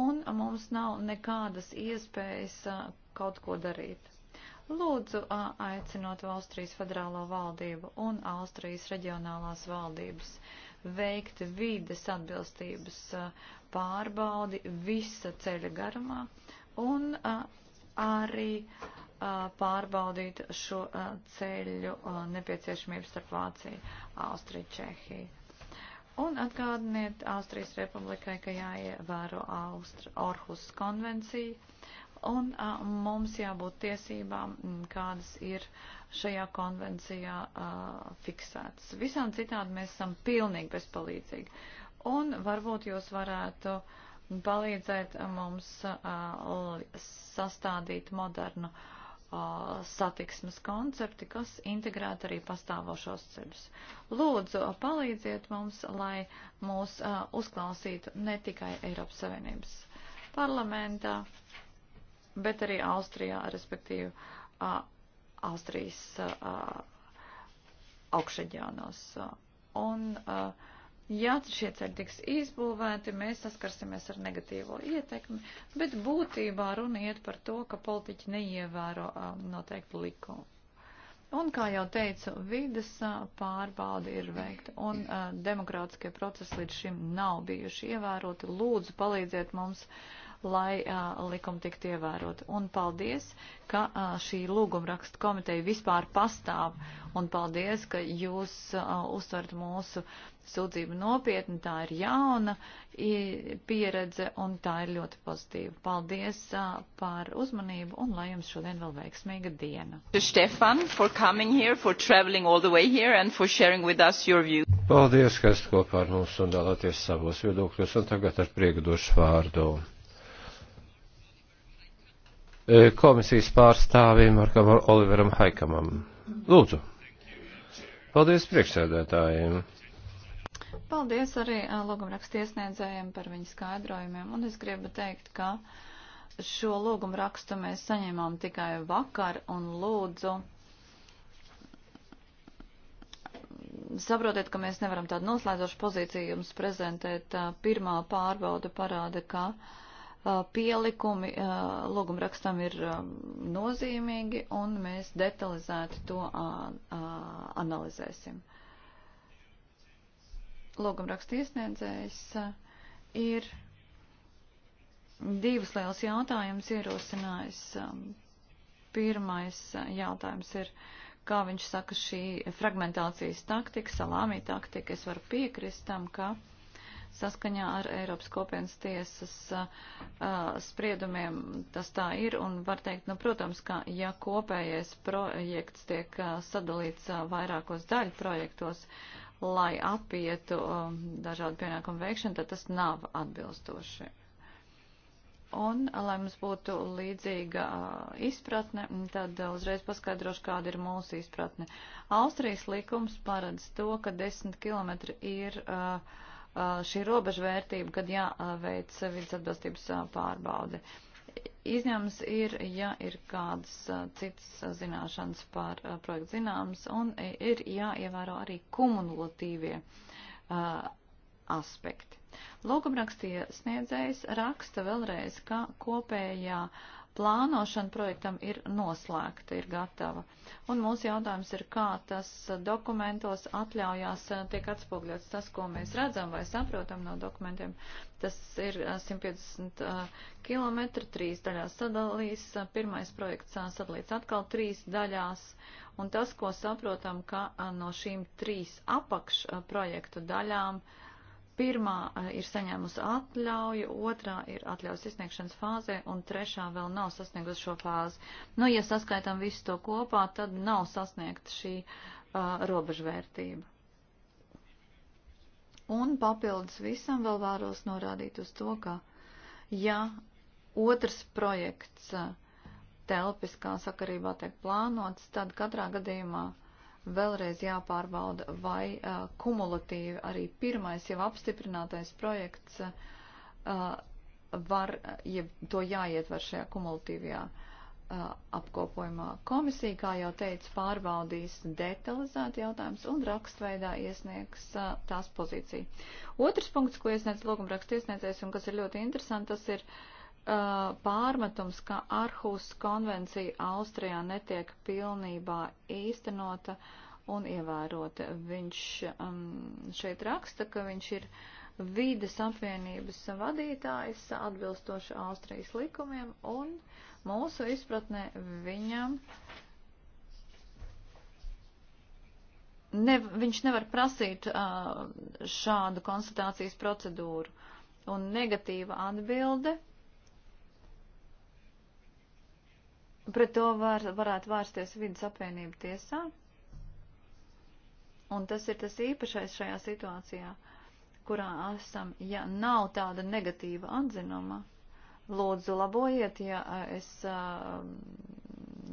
un mums nav nekādas iespējas uh, kaut ko darīt. Lūdzu, uh, aicinot Austrijas federālo valdību un Austrijas reģionālās valdības veikt vides atbilstības uh, pārbaudi visa ceļa garumā un uh, arī uh, pārbaudīt šo ceļu nepieciešamību starp Vāciju, Austriju, Čehiju. Un atgādiniet Austrijas republikai, ka jāievēro Austra Orhus konvencija, un a, mums jābūt tiesībām, kādas ir šajā konvencijā a, fiksētas. Visām citādi mēs esam pilnīgi bezpalīdzīgi. Un varbūt jūs varētu palīdzēt mums a, sastādīt modernu a, satiksmes koncepti, kas integrētu arī pastāvošos ceļus. Lūdzu, palīdziet mums, lai mūs uh, uzklausītu ne tikai Eiropas Savienības parlamentā, bet arī Austrijā, respektīvi uh, Austrijas uh, augšaģionos. Un uh, Ja šie ceļi tiks izbūvēti, mēs saskarsimies ar negatīvo ietekmi, bet būtībā runa iet par to, ka politiķi neievēro um, noteiktu likumu. Un, kā jau teicu, vidas pārbauda ir veikta, un uh, demokrātiskie procesi līdz šim nav bijuši ievēroti. Lūdzu, palīdziet mums uh, lai uh, likumi tiktu ievērot. Un paldies, ka uh, šī lūguma rakstu komiteja vispār pastāv, un paldies, ka jūs uh, uztverat mūsu sūdzību nopietni, tā ir jauna pieredze, un tā ir ļoti pozitīva. Paldies uh, par uzmanību, un lai jums šodien vēl veiksmīga diena. Stefan, for coming here, for traveling all the way here, and for sharing with us your views. Paldies, ka esat kopā ar mums un dalāties savos viedokļos, un tagad ar prieku došu vārdu. Eh, komisijas pārstāvim Markam Oliveram Haikamam. Lūdzu. Paldies priekšsēdētājiem. Paldies arī eh, lūgumrakstu iesniedzējiem par viņu skaidrojumiem. Un es gribu teikt, ka šo lūgumrakstu mēs saņēmām tikai vakar un lūdzu saprotiet, ka mēs nevaram tādu noslēdzošu pozīciju jums prezentēt. Eh, pirmā pārbauda parāda, ka pielikumi logumrakstam ir nozīmīgi un mēs detalizēti to analizēsim. Logumraksta iesniedzējs ir divas lielas jautājumas ierosinājis. Pirmais jautājums ir, kā viņš saka, šī fragmentācijas taktika, salāmī taktika, es varu piekrist tam, ka uh, saskaņā ar Eiropas kopienas tiesas uh, spriedumiem tas tā ir, un var teikt, nu, protams, ka ja kopējais projekts tiek uh, sadalīts uh, vairākos daļu projektos, lai apietu um, dažādu pienākumu veikšanu, tad tas nav atbilstoši. Un, lai mums būtu līdzīga uh, izpratne, tad uh, uzreiz paskaidrošu, kāda ir mūsu izpratne. Austrijas likums paredz to, ka 10 km ir uh, šī robežvērtība, kad jāveic vidas atbilstības pārbaude. Izņēmums ir, ja ir kādas citas zināšanas par projektu zināmas, un ir jāievēro arī kumulatīvie aspekti. Lūgumrakstie sniedzējs raksta vēlreiz, ka kopējā uh, plānošana projektam ir noslēgta, ir gatava. Un mūsu jautājums ir, kā tas dokumentos atļaujās eh, tiek atspogļots tas, ko mēs redzam vai saprotam no dokumentiem. Tas ir 150 eh, eh, km, trīs daļās sadalīs, pirmais projekts sadalīts atkal trīs daļās, un tas, ko saprotam, ka no šīm trīs apakšprojektu daļām, uh, Pirmā eh, ir saņēmusi atļauju, otrā ir atļaujas izsniegšanas fāzē, un trešā vēl nav sasniegusi šo fāzi. Nu, ja saskaitām visu to kopā, tad nav sasniegta šī uh, robežvērtība. Un papildus visam vēl vēros norādīt uz to, ka ja otrs projekts eh, telpiskā sakarībā tiek plānots, tad katrā gadījumā uh, vēlreiz jāpārbauda, vai uh, kumulatīvi arī pirmais jau apstiprinātais projekts uh, var, ja to jāietver šajā kumulatīvajā uh, apkopojumā. Komisija, kā jau teicu, pārbaudīs detalizēt jautājumus un rakstveidā iesniegs uh, tās pozīciju. Otrs punkts, ko iesniedz lūgumrakstu iesniedzējs un kas ir ļoti interesants, tas ir uh, uh, pārmetums, ka Arhus konvencija Austrijā netiek pilnībā īstenota un ievērota. Viņš um, šeit raksta, ka viņš ir vides apvienības vadītājs atbilstoši Austrijas likumiem un mūsu izpratnē viņam. Ne, viņš nevar prasīt uh, šādu konstatācijas procedūru. Un negatīva atbilde Pret to var, varētu vērsties vidas apvienība tiesā. Un tas ir tas īpašais šajā situācijā, kurā esam, ja nav tāda negatīva atzinuma. Lūdzu, labojiet, ja es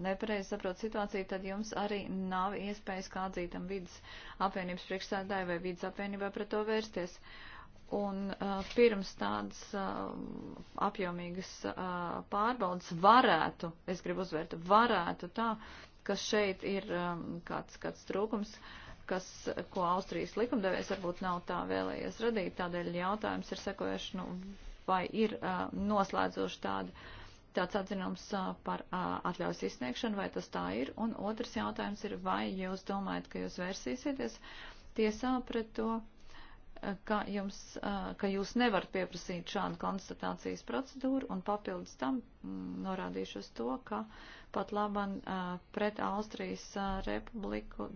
nepareizi saprotu situāciju, tad jums arī nav iespējas kā atzītam vidas apvienības priekšsēdāju vai vidas apvienībā pret to vērsties. Uh, Un uh, pirms tādas uh, apjomīgas uh, pārbaudas varētu, es gribu uzvērt, varētu tā, ka šeit ir um, kāds, kāds trūkums, kas, ko Austrijas likumdevējs varbūt nav tā vēlējies radīt. Tādēļ jautājums ir sekojuši, nu, vai ir uh, noslēdzoši tādi, tāds atzinums uh, par uh, atļaujas izsniegšanu, vai tas tā ir. Un otrs jautājums ir, vai jūs domājat, ka jūs vērsīsieties tiesā pret to? ka, jums, ka jūs nevarat pieprasīt šādu konstatācijas procedūru, un papildus tam mm, norādīšu uz to, ka pat laban pret Austrijas republiku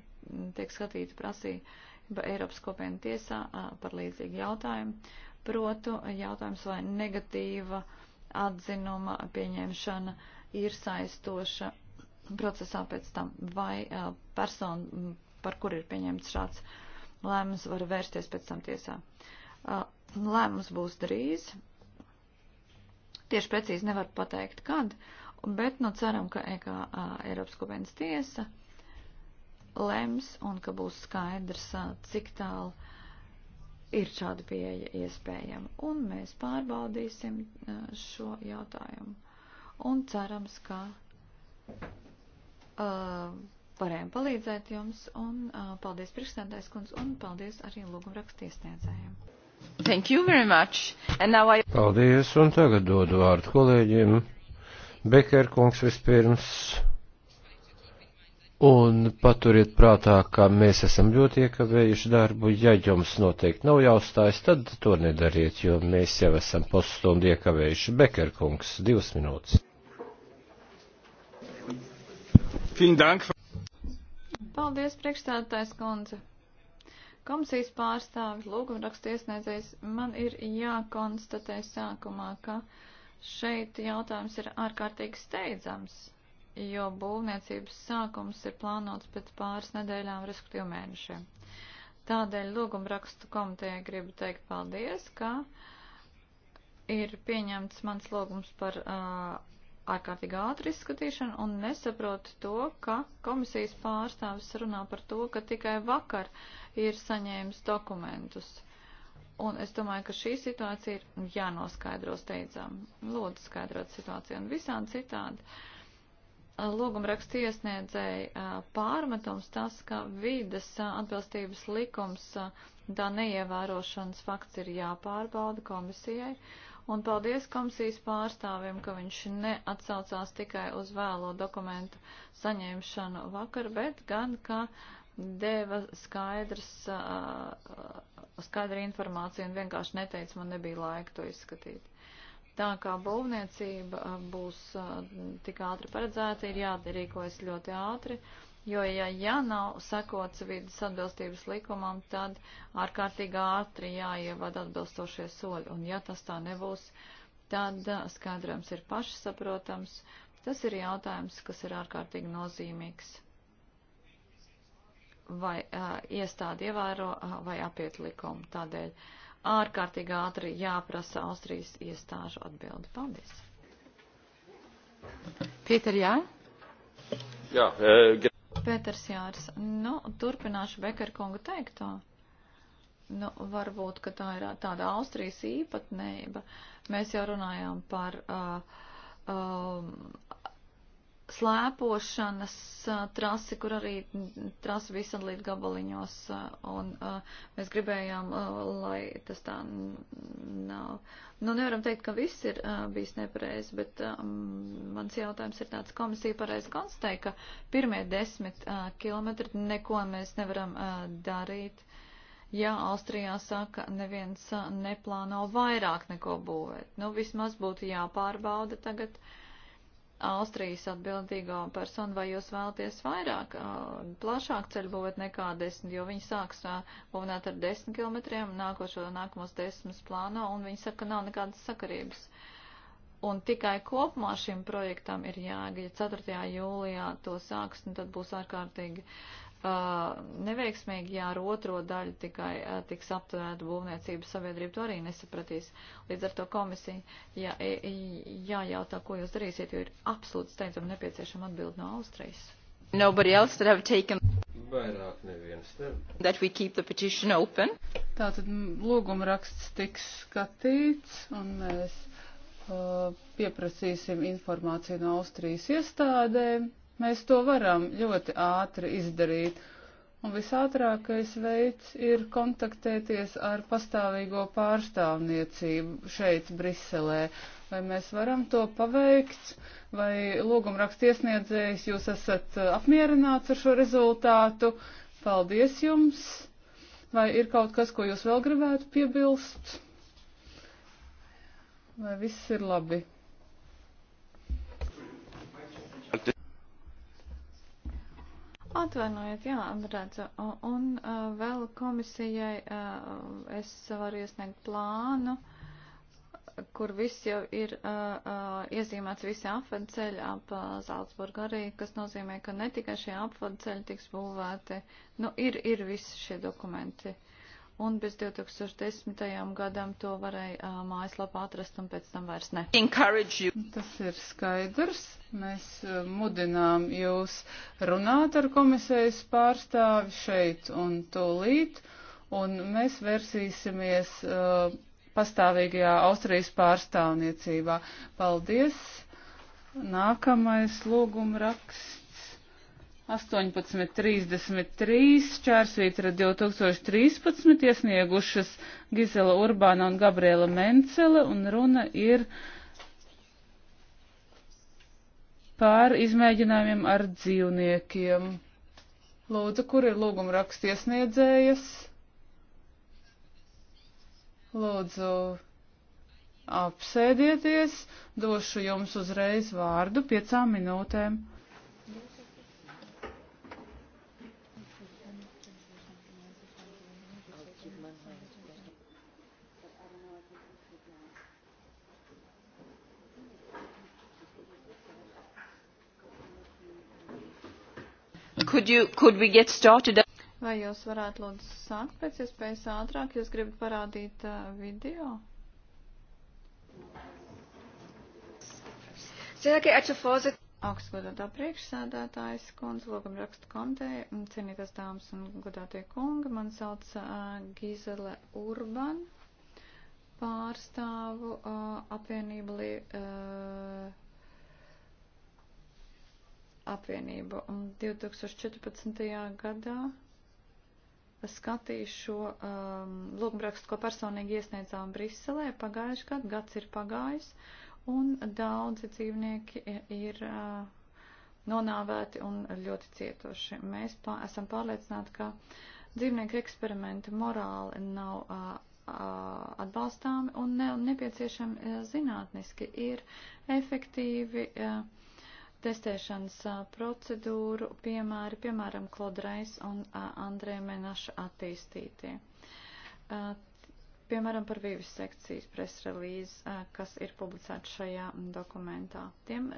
tiek skatīta prasība Eiropas kopienu tiesā par līdzīgu jautājumu. Protu jautājums vai negatīva atzinuma pieņemšana ir saistoša procesā pēc tam, vai persona, par kur ir pieņemts šāds uh, lēmums var vērsties pēc tam tiesā. Lēmums būs drīz. Tieši precīzi nevar pateikt, kad, bet nu ceram, ka EK, Eiropas kopienas tiesa lems un ka būs skaidrs, cik tālu ir šāda pieeja iespējama. Un mēs pārbaudīsim šo jautājumu. Un cerams, ka. Uh, varējām palīdzēt jums, un uh, paldies priekšstādājs kundz, un paldies arī lūgumrakstu iesniedzējiem. Thank you very much. And now I... Paldies, un tagad dodu vārdu kolēģiem. Beker kungs vispirms. Un paturiet prātā, ka mēs esam ļoti iekavējuši darbu. Ja jums noteikti nav jāuzstājas, tad to nedariet, jo mēs jau esam pusstundu iekavējuši. Bekerkungs, divas minūtes. Dank. Paldies, priekšstādātājs kundze. Komisijas pārstāvis lūguma rakstiesniedzējs man ir jākonstatē sākumā, ka šeit jautājums ir ārkārtīgi steidzams, jo būvniecības sākums ir plānots pēc pāris nedēļām, respektīvi mēnešiem. Tādēļ lūguma rakstu komitejai gribu teikt paldies, ka ir pieņemts mans lūgums par uh, ārkārtīgi ātri izskatīšana un nesaprotu to, ka komisijas pārstāvis runā par to, ka tikai vakar ir saņēmis dokumentus. Un es domāju, ka šī situācija ir jānoskaidro steidzām. Lūdzu, skaidrot situāciju un visādi citādi. Lūguma raksts iesniedzēja pārmetums tas, ka vidas atbilstības likums tā neievērošanas fakts ir jāpārbauda komisijai. Uh, Un paldies komisijas pārstāvim, ka viņš neatsaucās tikai uz vēlo dokumentu saņemšanu vakar, bet gan, ka deva skaidrs, skaidru informāciju un vienkārši neteica, man nebija laika to izskatīt. Tā kā būvniecība būs tik ātri paredzēta, ir jādarīkojas ļoti ātri. Uh, Jo, ja, ja nav sakots vidas atbilstības likumam, tad ārkārtīgi ātri jāievad atbilstošie soļi. Un ja tas tā nebūs, tad skaidrojums ir pašsaprotams. Tas ir jautājums, kas ir ārkārtīgi nozīmīgs. Vai uh, iestādi ievēro uh, vai apiet likumu. Tādēļ ārkārtīgi ātri jāprasa Austrijas iestāžu atbildi. Paldies! Pieter, jā? Jā, uh, Pēters Jārs, nu, turpināšu Bekara kunga teikto. Nu, varbūt, ka tā ir tāda Austrijas īpatnība. Mēs jau runājām par uh, uh, slēpošanas trasi, kur arī trasi bija sadalīta gabaliņos, un mēs gribējām, lai tas tā nav. Nu, nevaram teikt, ka viss ir bijis nepareizi, bet mans jautājums ir tāds, komisija pareizi konstatēja, ka pirmie desmit kilometri neko mēs nevaram darīt. Ja Austrijā saka, neviens neplāno vairāk neko būvēt, nu vismaz būtu jāpārbauda tagad. Uh, Austrijas atbildīgo personu, vai jūs vēlaties vairāk, plašāk ceļu būvēt nekā desmit, jo viņi sāks būvēt ar desmit kilometriem, nākošo, nākamos desmit plāno, un viņi saka, ka nav nekādas sakarības. Un tikai kopumā šim projektam ir jāgaida 4. jūlijā to sāks, un nu, tad būs ārkārtīgi uh, uh, neveiksmīgi, ja ar otro daļu tikai uh, tiks apturēta būvniecības sabiedrība, to arī nesapratīs. Līdz ar to komisija jā, jājautā, ko jūs darīsiet, jo ir absolūti steidzami nepieciešama atbild no Austrijas. Nobody else that have taken vairāk neviens ne. That we keep the petition open. Tātad lūguma raksts tiks skatīts un mēs uh, pieprasīsim informāciju no Austrijas iestādēm. Mēs to varam ļoti ātri izdarīt. Un visātrākais veids ir kontaktēties ar pastāvīgo pārstāvniecību šeit, Briselē. Vai mēs varam to paveikt, vai lūgumrakst iesniedzējs jūs esat eh, apmierināts ar šo rezultātu? Paldies jums! Vai ir kaut kas, ko jūs vēl gribētu piebilst? Vai viss ir labi? Atvainojiet, jā, redzu. Un uh, vēl komisijai uh, es varu iesniegt plānu, kur viss jau ir uh, uh, iezīmēts visi apvadu ceļi ap uh, Zaltsburgu arī, kas nozīmē, ka ne tikai šie apvadu ceļi tiks būvēti. Nu, ir, ir visi šie dokumenti. Uh, un bez 2010. gadam to varēja mājaslapā atrast un pēc tam vairs ne. Tas ir skaidrs. Mēs mudinām jūs runāt ar komisijas pārstāvi šeit un tūlīt, un mēs versīsimies uh, pastāvīgajā Austrijas pārstāvniecībā. Paldies! Nākamais lūguma raksts. 18.33 čērsvītra 2013 iesniegušas Gizela Urbāna un Gabriela Mencele un runa ir pār izmēģinājumiem ar dzīvniekiem. Lūdzu, kur ir lūguma raksts iesniedzējas? Lūdzu, apsēdieties, došu jums uzreiz vārdu piecām minūtēm. you, could we get started? Vai jūs varētu lūdzu sākt pēc iespējas ātrāk? Jūs gribat parādīt uh, video? Augstgadotā priekšsēdētājs, kundze, lūgam rakstu kontei, cienītas dāmas un godātie kungi, man sauc uh, Gizele Urban, pārstāvu uh, apvienību. Uh, apvienību. Un 2014. gadā es skatīju šo um, lūgumrakstu, ko personīgi iesniedzām Briselē pagājuši gadu, gads ir pagājis, un daudzi dzīvnieki ir. Uh, nonāvēti un ļoti cietoši. Mēs pā, esam pārliecināti, ka dzīvnieku eksperimenti morāli nav a, uh, a, uh, atbalstāmi un ne, nepieciešami a, uh, zinātniski ir efektīvi. A, testēšanas procedūru piemēri, piemēram, Klodrais un Andrē Menaša attīstītie. Piemēram, par vīvis sekcijas presrelīzi, kas ir publicēta šajā dokumentā. Tiem,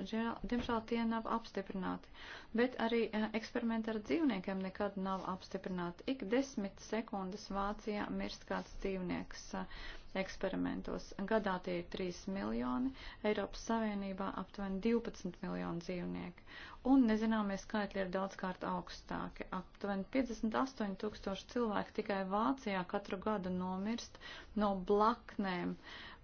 diemžēl tie nav apstiprināti, bet arī eksperimenti ar dzīvniekiem nekad nav apstiprināti. Ik desmit sekundes Vācijā mirst kāds dzīvnieks. Uh, eksperimentos. Gadā tie ir 3 miljoni, Eiropas Savienībā aptuveni 12 miljoni dzīvnieku. Un nezināmie skaitļi ir daudzkārt augstāki. Aptuveni 58 tūkstoši cilvēku tikai Vācijā katru gadu nomirst no blaknēm.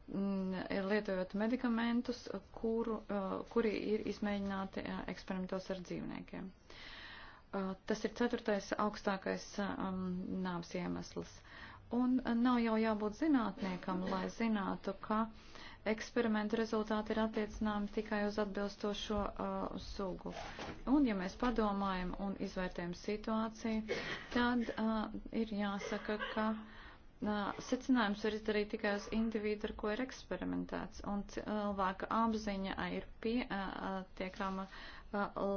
Mm, ir lietojot medikamentus, kuru, uh, kuri ir izmēģināti uh, eksperimentos ar dzīvniekiem. Uh, tas ir ceturtais augstākais um, nāves iemesls. Un nav jau jābūt zinātniekam, lai zinātu, ka eksperimentu rezultāti ir attiecināmi tikai uz atbilstošo uh, sugu. Un ja mēs padomājam un izvērtējam situāciju, tad uh, ir jāsaka, ka uh, secinājums var izdarīt tikai uz individu, ar ko ir eksperimentēts. Un cilvēka apziņa ir pieetiekama. Uh, uh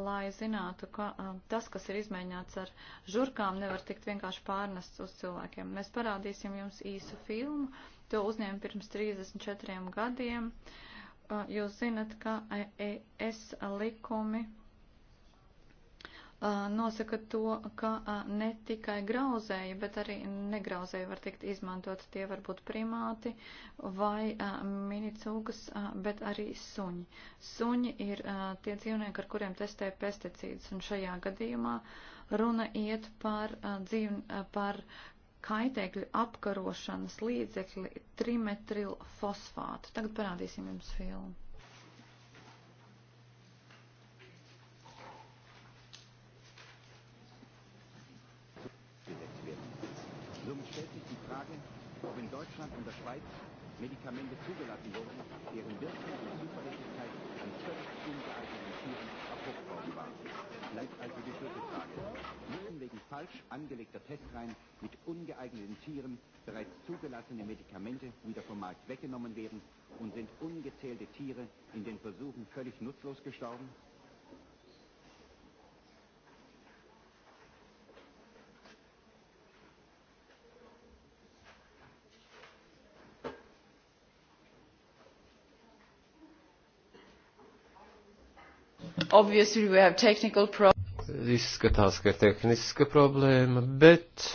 lai zinātu, ka tas, kas ir izmēģināts ar žurkām, nevar tikt vienkārši pārnests uz cilvēkiem. Mēs parādīsim jums īsu filmu, to uzņēmu pirms 34 gadiem. Jūs zinat, ka e, es likumi nosaka to, ka ne tikai grauzēji, bet arī negrauzēji var tikt izmantot. Tie var būt primāti vai minicūkas, bet arī suņi. Suņi ir tie dzīvnieki, ar kuriem testē pesticīdus, un šajā gadījumā runa iet par, dzīvn, par kaitēkļu apkarošanas līdzekli trimetrilfosfātu. Tagad parādīsim jums filmu. in Deutschland und der Schweiz Medikamente zugelassen wurden, deren Wirkung und Zuverlässigkeit an völlig ungeeigneten Tieren erprobt worden war. Bleibt also die Schlüsselfrage. Müssen wegen falsch angelegter Testreihen mit ungeeigneten Tieren bereits zugelassene Medikamente wieder vom Markt weggenommen werden und sind ungezählte Tiere in den Versuchen völlig nutzlos gestorben? Obviously we have technical problems. Izskatās, ka ir tehniska problēma, bet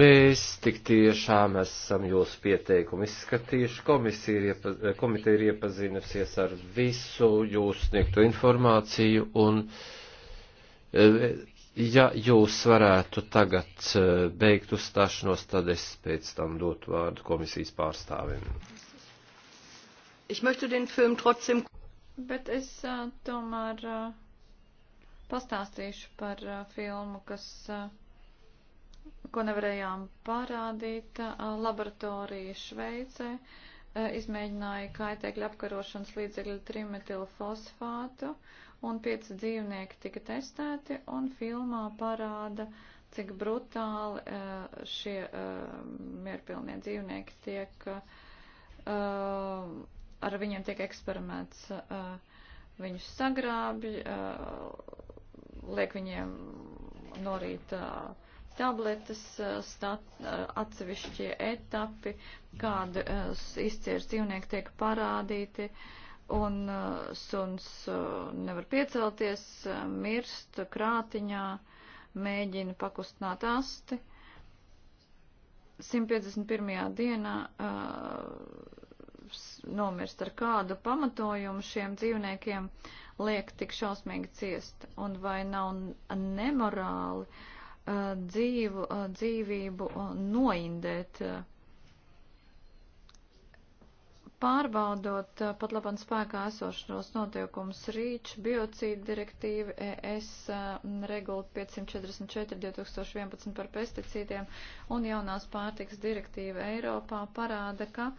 mēs tik tiešām esam jūsu pieteikumu izskatījuši. Komisija ir, iepa, eh, komiteja ir iepazinusies ar visu jūsu sniegto informāciju un eh, ja jūs varētu tagad eh, beigt uzstāšanos, tad es pēc tam dotu vārdu komisijas pārstāvim. Ich möchte den Film trotzdem. Bet es uh, tomēr uh, pastāstīšu par uh, filmu, kas, uh, ko nevarējām parādīt. Uh, laboratorija Šveicē uh, izmēģināja kaitēkļu apkarošanas līdzekļu trimetilfosfātu, un pieci dzīvnieki tika testēti, un filmā parāda, cik brutāli uh, šie uh, mierpilnie dzīvnieki tiek. Uh, ar viņiem tiek eksperiments. Viņus sagrābi, liek viņiem norīt tabletes, stat, atsevišķie etapi, kādas izcieras dzīvnieki tiek parādīti, un suns nevar piecelties, mirst krātiņā, mēģina pakustināt asti. 151. dienā uh, nomirst, ar kādu pamatojumu šiem dzīvniekiem liek tik šausmīgi ciest, un vai nav nemorāli uh, dzīvu, uh, dzīvību uh, noindēt. Uh, pārbaudot uh, pat labam spēkā esošanos notiekumus rīč, biocīdu direktīva ES uh, regula 544 2011 par pesticīdiem un jaunās pārtiks direktīva Eiropā parāda, ka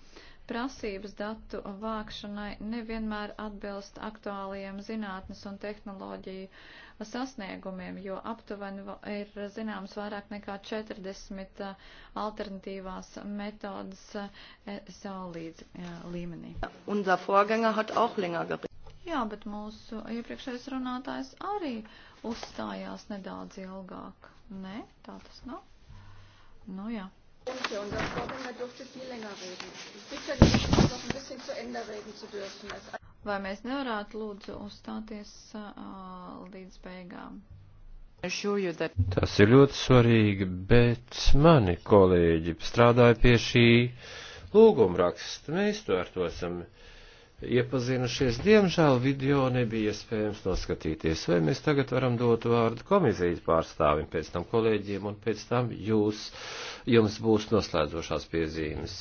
prasības datu vākšanai nevienmēr atbilst aktuālajiem zinātnes un tehnoloģiju sasniegumiem, jo aptuveni ir zināms vairāk nekā 40 eh, alternatīvās metodas eh, SO līdz eh, līmenī. Jā, bet mūsu iepriekšējais runātājs arī uzstājās nedaudz ilgāk. Nē, tā tas nav. Nu jā. Punkte und das Vorgänger durfte viel länger reden. Ich bitte dich, noch ein bisschen zu Ende reden zu dürfen. Vai mēs nevarētu lūdzu uzstāties uh, līdz beigām? Tas ir ļoti svarīgi, bet mani kolēģi strādāja pie šī lūgumraksta. Mēs to ar to esam uh, iepazinušies. Diemžēl video nebija iespējams noskatīties. Vai mēs tagad varam dot vārdu komisijas pārstāvim, pēc tam kolēģiem un pēc tam jūs, jums būs noslēdzošās piezīmes.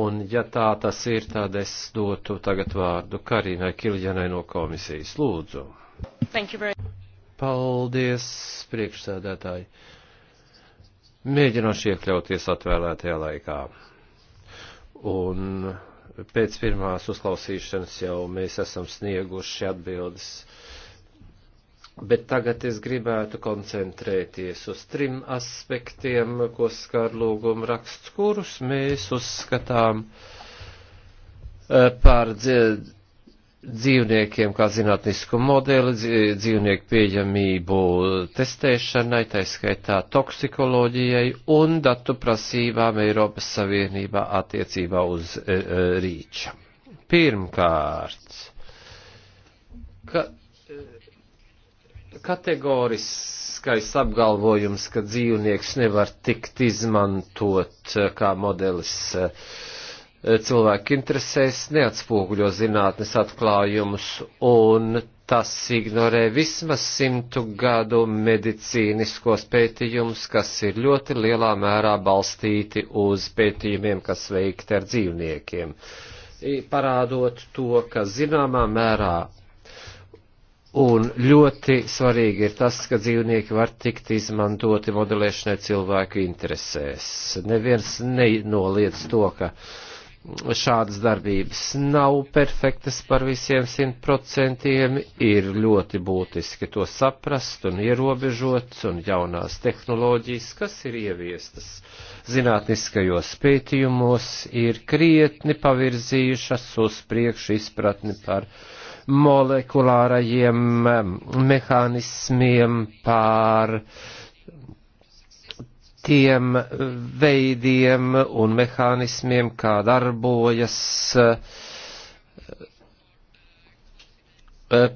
Un ja tā tas ir, tad es dotu tagad vārdu Karīnai Kiljanai no komisijas. Lūdzu. Paldies, priekšsēdētāji. Mēģināšu iekļauties atvēlētajā laikā. Un pēc pirmās uzklausīšanas jau mēs esam snieguši atbildes. Bet tagad es gribētu koncentrēties uz trim aspektiem, ko skar lūguma raksts, kurus mēs uzskatām eh, par dzirdību dzīvniekiem kā zinātnisku modeli, dzīvnieku pieejamību testēšanai, tā skaitā toksikoloģijai un datu prasībām Eiropas Savienībā attiecībā uz e, e, rīča. Pirmkārt, ka, e, kategoriskais apgalvojums, ka dzīvnieks nevar tikt izmantot e, kā modelis uh, Eh, cilvēku interesēs neatspoguļo zinātnes atklājumus, un tas ignorē vismaz simtu gadu medicīniskos pētījumus, kas ir ļoti lielā mērā balstīti uz pētījumiem, kas veikti ar dzīvniekiem, parādot to, ka zināmā mērā Un ļoti svarīgi ir tas, ka dzīvnieki var tikt izmantoti modelēšanai cilvēku interesēs. Neviens nenoliedz to, ka uh, šādas darbības nav perfektas par visiem simt procentiem, ir ļoti būtiski to saprast un ierobežot, un jaunās tehnoloģijas, kas ir ieviestas zinātniskajos pētījumos, ir krietni pavirzījušas uz priekšu izpratni par molekulārajiem mm, mehānismiem, par uh, tiem veidiem un mehānismiem, kā darbojas eh,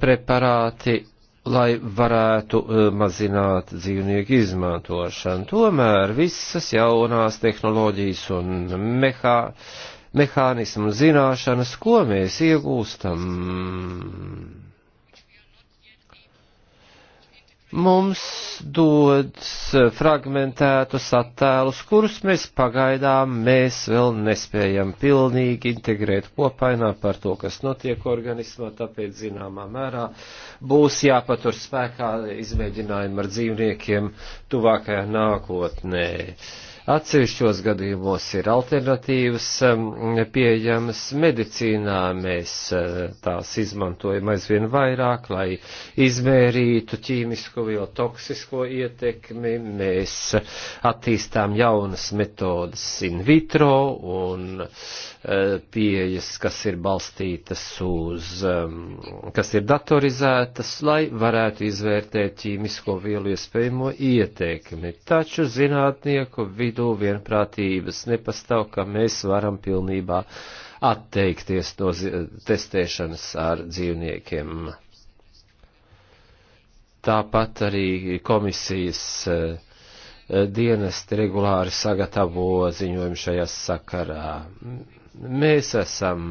preparāti, lai varētu eh, mazināt dzīvnieku izmantošanu. Tomēr visas jaunās tehnoloģijas un mehā, mehānismu zināšanas, ko mēs iegūstam mums dod fragmentētus attēlus, kurus mēs pagaidām mēs vēl nespējam pilnīgi integrēt kopainā par to, kas notiek organismā, tāpēc zināmā mērā būs jāpatur spēkā izmēģinājumi ar dzīvniekiem tuvākajā nākotnē. Uh, Atsevišķos gadījumos ir alternatīvas um, pieejamas medicīnā, mēs uh, tās izmantojam aizvien vairāk, lai izmērītu ķīmisko vielu toksisko ietekmi, mēs attīstām jaunas metodas in vitro un uh, Eh, pieejas, kas ir balstītas uz, kas ir datorizētas, lai varētu izvērtēt ķīmisko vielu iespējamo ietekmi. Taču zinātnieku vidū vienprātības nepastāv, ka mēs varam pilnībā atteikties no testēšanas ar dzīvniekiem. Tāpat arī komisijas uh, dienesti regulāri sagatavo ziņojumu šajā sakarā. Mēs esam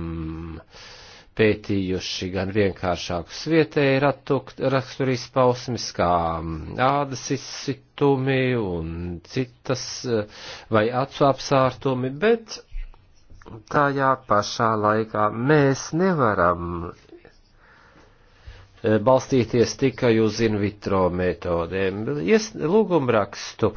pētījuši gan vienkāršākus vietēji raksturu izpausmes, kā ādas izsitumi un citas vai acu apsārtumi, bet tajā pašā laikā mēs nevaram Eh, balstīties tikai uz in vitro metodēm. Ies, lūgumrakstu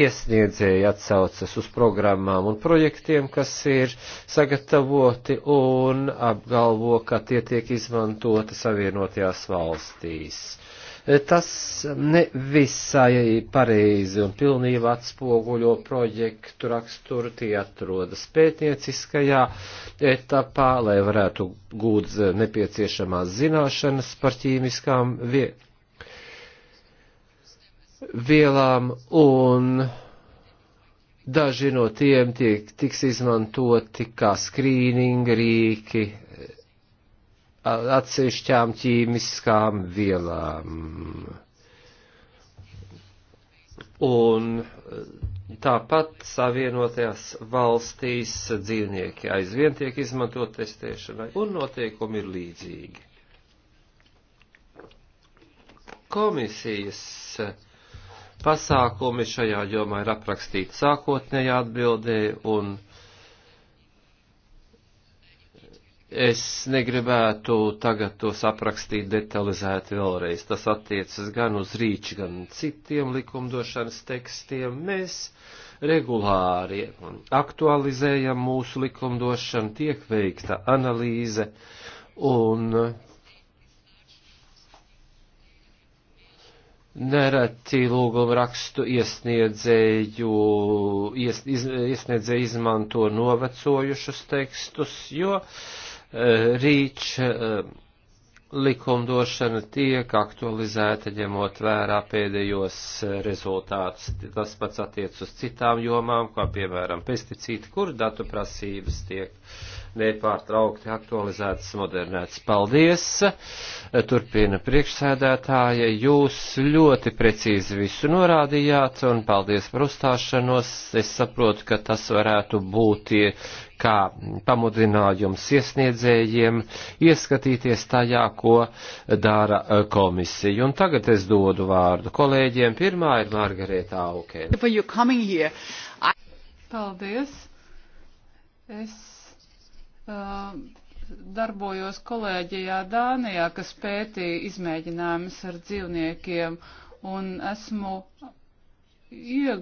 iesniedzēji atsaucas uz programmām un projektiem, kas ir sagatavoti un apgalvo, ka tie tiek izmantoti savienotajās valstīs. Tas ne visai pareizi un pilnībā atspoguļo projektu raksturu, tie atrodas pētnieciskajā etapā, lai varētu gūt nepieciešamās zināšanas par ķīmiskām vie vielām un daži no tiem tiek, tiks izmantoti kā skrīninga rīki, atsevišķām ķīmiskām vielām. Un tāpat savienotajās valstīs dzīvnieki aizvien tiek izmantot testēšanai, un noteikumi ir līdzīgi. Komisijas pasākumi šajā jomā ir aprakstīti sākotnējā atbildē, un Es negribētu tagad tos aprakstīt detalizēti vēlreiz. Tas attiecas gan uz rīču, gan citiem likumdošanas tekstiem. Mēs regulāri aktualizējam mūsu likumdošanu, tiek veikta analīze un nereti lūguma rakstu iesniedzēju, ies, iz, iesniedzēju izmanto novecojušus tekstus, jo uh, rīč eh, likumdošana tiek aktualizēta ņemot vērā pēdējos eh, rezultātus. Tas pats attiec uz citām jomām, kā piemēram pesticīti, kur datu prasības tiek uh, nepārtraukti aktualizētas, modernētas. Paldies! Turpina priekšsēdētāja, jūs ļoti precīzi visu norādījāt un paldies par uzstāšanos. Es saprotu, ka tas varētu būt kā pamudinājums iesniedzējiem ieskatīties tajā, ko dara e, komisija. Un tagad es dodu vārdu kolēģiem. Pirmā ir Margarēta Aukē. Paldies! Es darbojos kolēģijā Dānijā, kas pētīja izmēģinājumus ar dzīvniekiem, un esmu ie,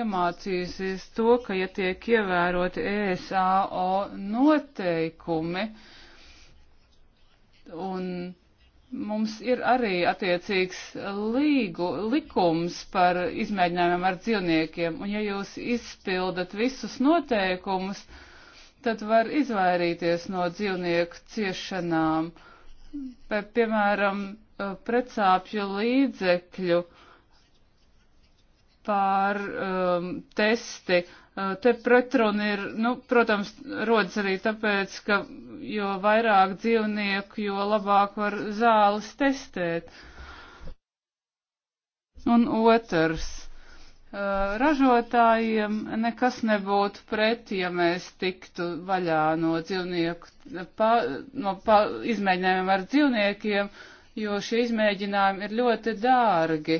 iemācījusies to, ka, ja tiek ievēroti ESAO noteikumi, un mums ir arī attiecīgs līgu, likums par izmēģinājumiem ar dzīvniekiem, un ja jūs izpildat visus noteikumus, tad var izvairīties no dzīvnieku ciešanām. Pie, piemēram, e, precāpju līdzekļu pār um, testi. E, te pretruni ir, nu, protams, rodas arī tāpēc, ka jo vairāk dzīvnieku, jo labāk var zāles testēt. Un otrs Eh, ražotājiem nekas nebūtu pret, ja mēs tiktu vaļā no dzīvnieku, eh, pa, no pa, izmēģinājumiem ar dzīvniekiem, jo šie izmēģinājumi ir ļoti dārgi.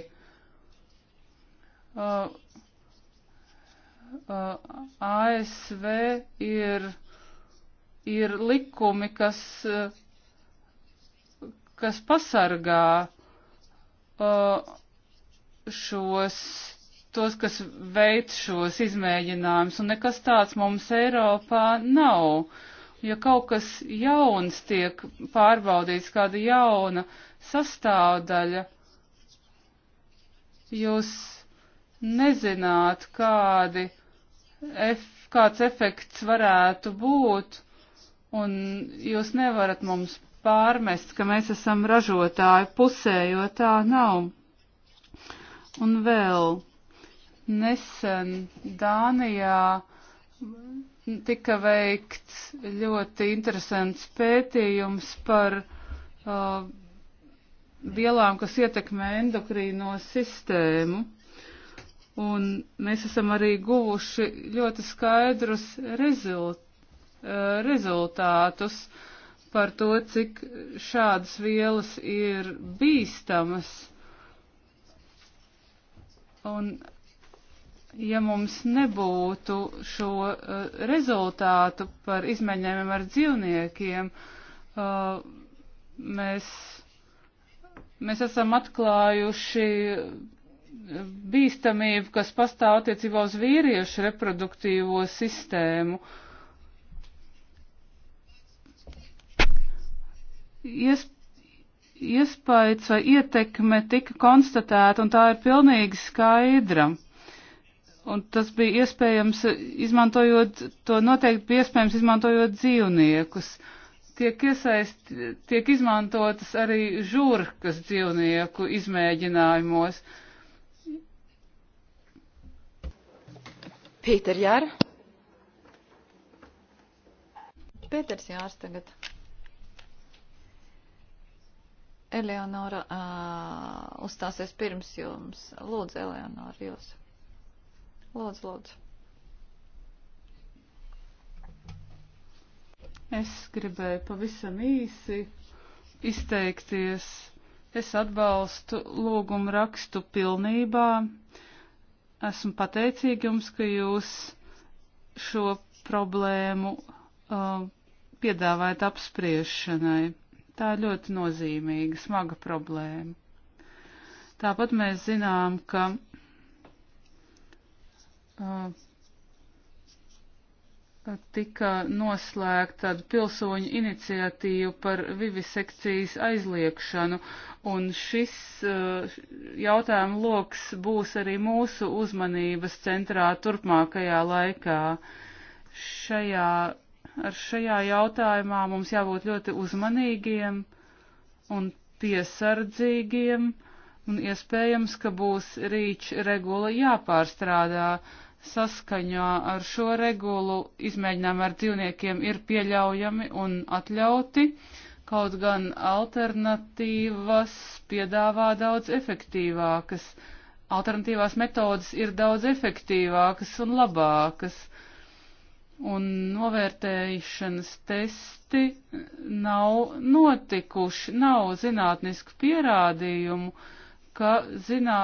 Uh, eh, uh, ASV ir, ir likumi, kas, uh, kas pasargā uh, šos tos, kas veic šos izmēģinājumus, un nekas tāds mums Eiropā nav. Ja kaut kas jauns tiek pārbaudīts, kāda jauna sastāvdaļa, jūs nezināt, kādi, ef, kāds efekts varētu būt, un jūs nevarat mums pārmest, ka mēs esam ražotāju pusē, jo tā nav. Un vēl Nesen Dānijā tika veikts ļoti interesants pētījums par uh, vielām, kas ietekmē endokrīno sistēmu. Un mēs esam arī guvuši ļoti skaidrus rezult, uh, rezultātus par to, cik šādas vielas ir bīstamas. Un ja mums nebūtu šo uh, rezultātu par izmaiņām ar dzīvniekiem, uh, mēs, mēs esam atklājuši eh, bīstamību, kas pastāv attiecībā uz vīriešu reproduktīvo sistēmu. Ies, iespējas vai ietekme tika konstatēta, un tā ir pilnīgi skaidra. Un tas bija iespējams izmantojot, to noteikti bija iespējams izmantojot dzīvniekus. Tiek iesaist, tiek izmantotas arī žurkas dzīvnieku izmēģinājumos. Pīter Jāra. Pēters Jārs tagad. Eleonora uh, uzstāsies pirms jums. Lūdzu, Eleonora, jūs. Lūdzu, lūdzu. Es gribēju pavisam īsi izteikties. Es atbalstu lūgumu rakstu pilnībā. Esmu pateicīga jums, ka jūs šo problēmu uh, piedāvājat apspriešanai. Tā ir ļoti nozīmīga, smaga problēma. Tāpat mēs zinām, ka tika noslēgta pilsoņu iniciatīva par vivisekcijas aizliekšanu, un šis uh, jautājumu loks būs arī mūsu uzmanības centrā turpmākajā laikā. Šajā, ar šajā jautājumā mums jābūt ļoti uzmanīgiem un piesardzīgiem, un iespējams, ka būs rīč regula jāpārstrādā saskaņā ar šo regulu izmēģinājumi ar dzīvniekiem ir pieļaujami un atļauti, kaut gan alternatīvas piedāvā daudz efektīvākas. Alternatīvās metodas ir daudz efektīvākas un labākas. Un novērtēšanas testi nav notikuši, nav zinātnisku pierādījumu, ka zinā,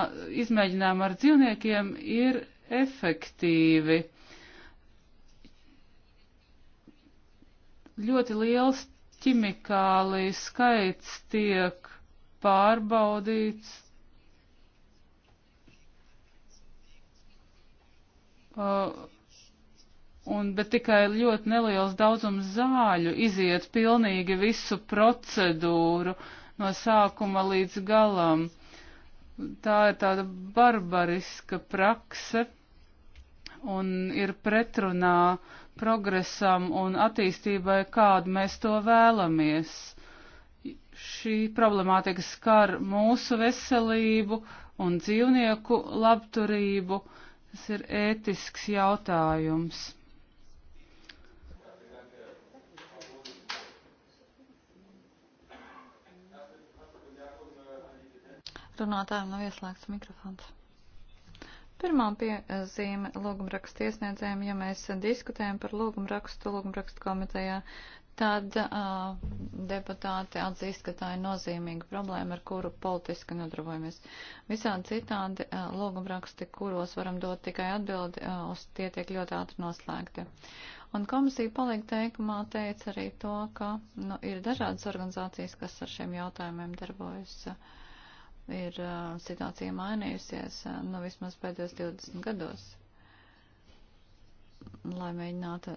izmēģinājumi ar dzīvniekiem ir efektīvi. Ļoti liels ķimikālī skaits tiek pārbaudīts. Uh, un, bet tikai ļoti neliels daudzums zāļu iziet pilnīgi visu procedūru no sākuma līdz galam. Tā ir tāda barbariska prakse un ir pretrunā progresam un attīstībai, kādu mēs to vēlamies. Šī problemātika skar mūsu veselību un dzīvnieku labturību. Tas ir ētisks jautājums. Runātājiem nav ieslēgts mikrofons. Pirmā piezīme lūgumrakstu iesniedzējiem, ja mēs diskutējam par lūgumrakstu lūgumrakstu komitejā, tad uh, deputāti atzīst, ka tā ir nozīmīga problēma, ar kuru politiski nodarbojamies. Visādi citādi uh, lūgumraksti, kuros varam dot tikai atbildi, uh, uz tie tiek ļoti ātri noslēgti. Un komisija palīga teikumā teica arī to, ka nu, ir dažādas organizācijas, kas ar šiem jautājumiem darbojas. Uh, ir situācija mainījusies, nu vismaz pēdējos 20 gados, lai mēģinātu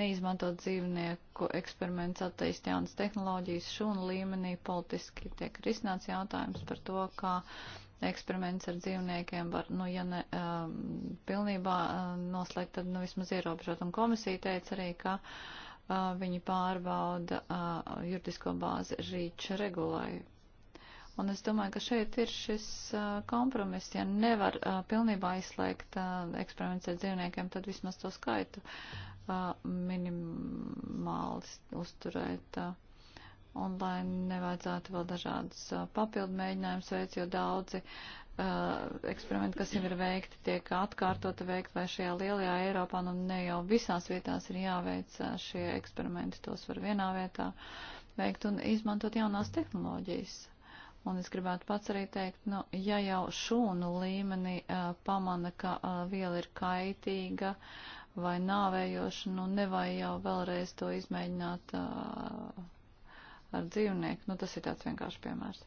neizmantot dzīvnieku eksperiments, attīst jaunas tehnoloģijas, šūnu līmenī politiski tiek risināts jautājums par to, kā eksperiments ar dzīvniekiem var, nu, ja ne pilnībā noslēgt, tad nu vismaz ierobežot. Un komisija teica arī, ka viņi pārbauda juridisko bāzi rīča regulēju Un es domāju, ka šeit ir šis kompromiss. Ja nevar pilnībā izslēgt eksperiments ar dzīvniekiem, tad vismaz to skaitu minimāli uzturēt. Un lai nevajadzētu vēl dažādas papildu mēģinājumus veids, jo daudzi eksperimenti, kas jau ir veikti, tiek atkārtota veikt vai šajā lielajā Eiropā, nu ne jau visās vietās ir jāveic šie eksperimenti, tos var vienā vietā veikt un izmantot jaunās tehnoloģijas. Un es gribētu pats arī teikt, nu, ja jau šūnu līmenī uh, pamana, ka uh, viela ir kaitīga vai nāvējoša, nu nevajag jau vēlreiz to izmēģināt uh, ar dzīvnieku. Nu, tas ir tāds vienkārši piemērs.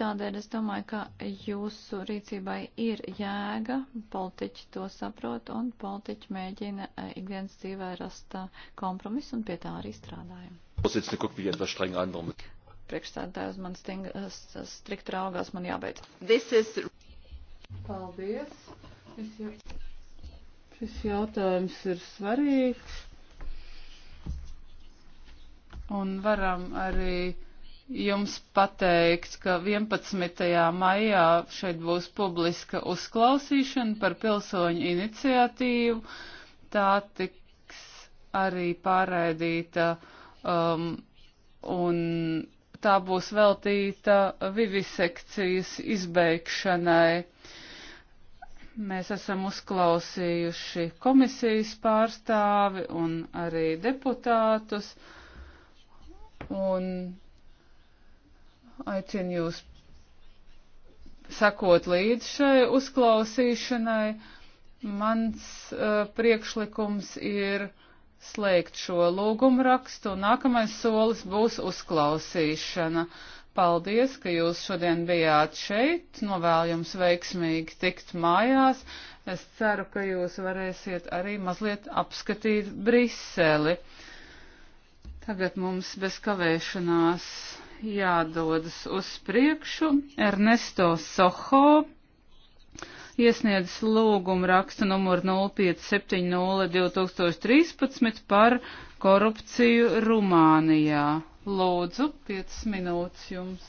Tādēļ es domāju, ka jūsu rīcībai ir jēga, politiķi to saprot un politiķi mēģina uh, ikdienas dzīvē rast uh, kompromisu un pie tā arī strādājam. Priekšstādājs man strikt raugās, man jābeidz. This is... Paldies. Šis, jau... Šis jautājums ir svarīgs. Un varam arī jums pateikt, ka 11. maijā šeit būs publiska uzklausīšana par pilsoņu iniciatīvu. Tā tiks arī pārraidīta um, un tā būs veltīta vivisekcijas izbeigšanai. Mēs esam uzklausījuši komisijas pārstāvi un arī deputātus un aicinu jūs sakot līdz šai uzklausīšanai. Mans uh, priekšlikums ir slēgt šo lūgumu rakstu. Nākamais solis būs uzklausīšana. Paldies, ka jūs šodien bijāt šeit. Novēlu jums veiksmīgi tikt mājās. Es ceru, ka jūs varēsiet arī mazliet apskatīt Briseli. Tagad mums bez kavēšanās jādodas uz priekšu. Ernesto Soho iesniedzis lūgumu raksta numuru 0570-2013 par korupciju Rumānijā. Lūdzu, 5 minūtes jums.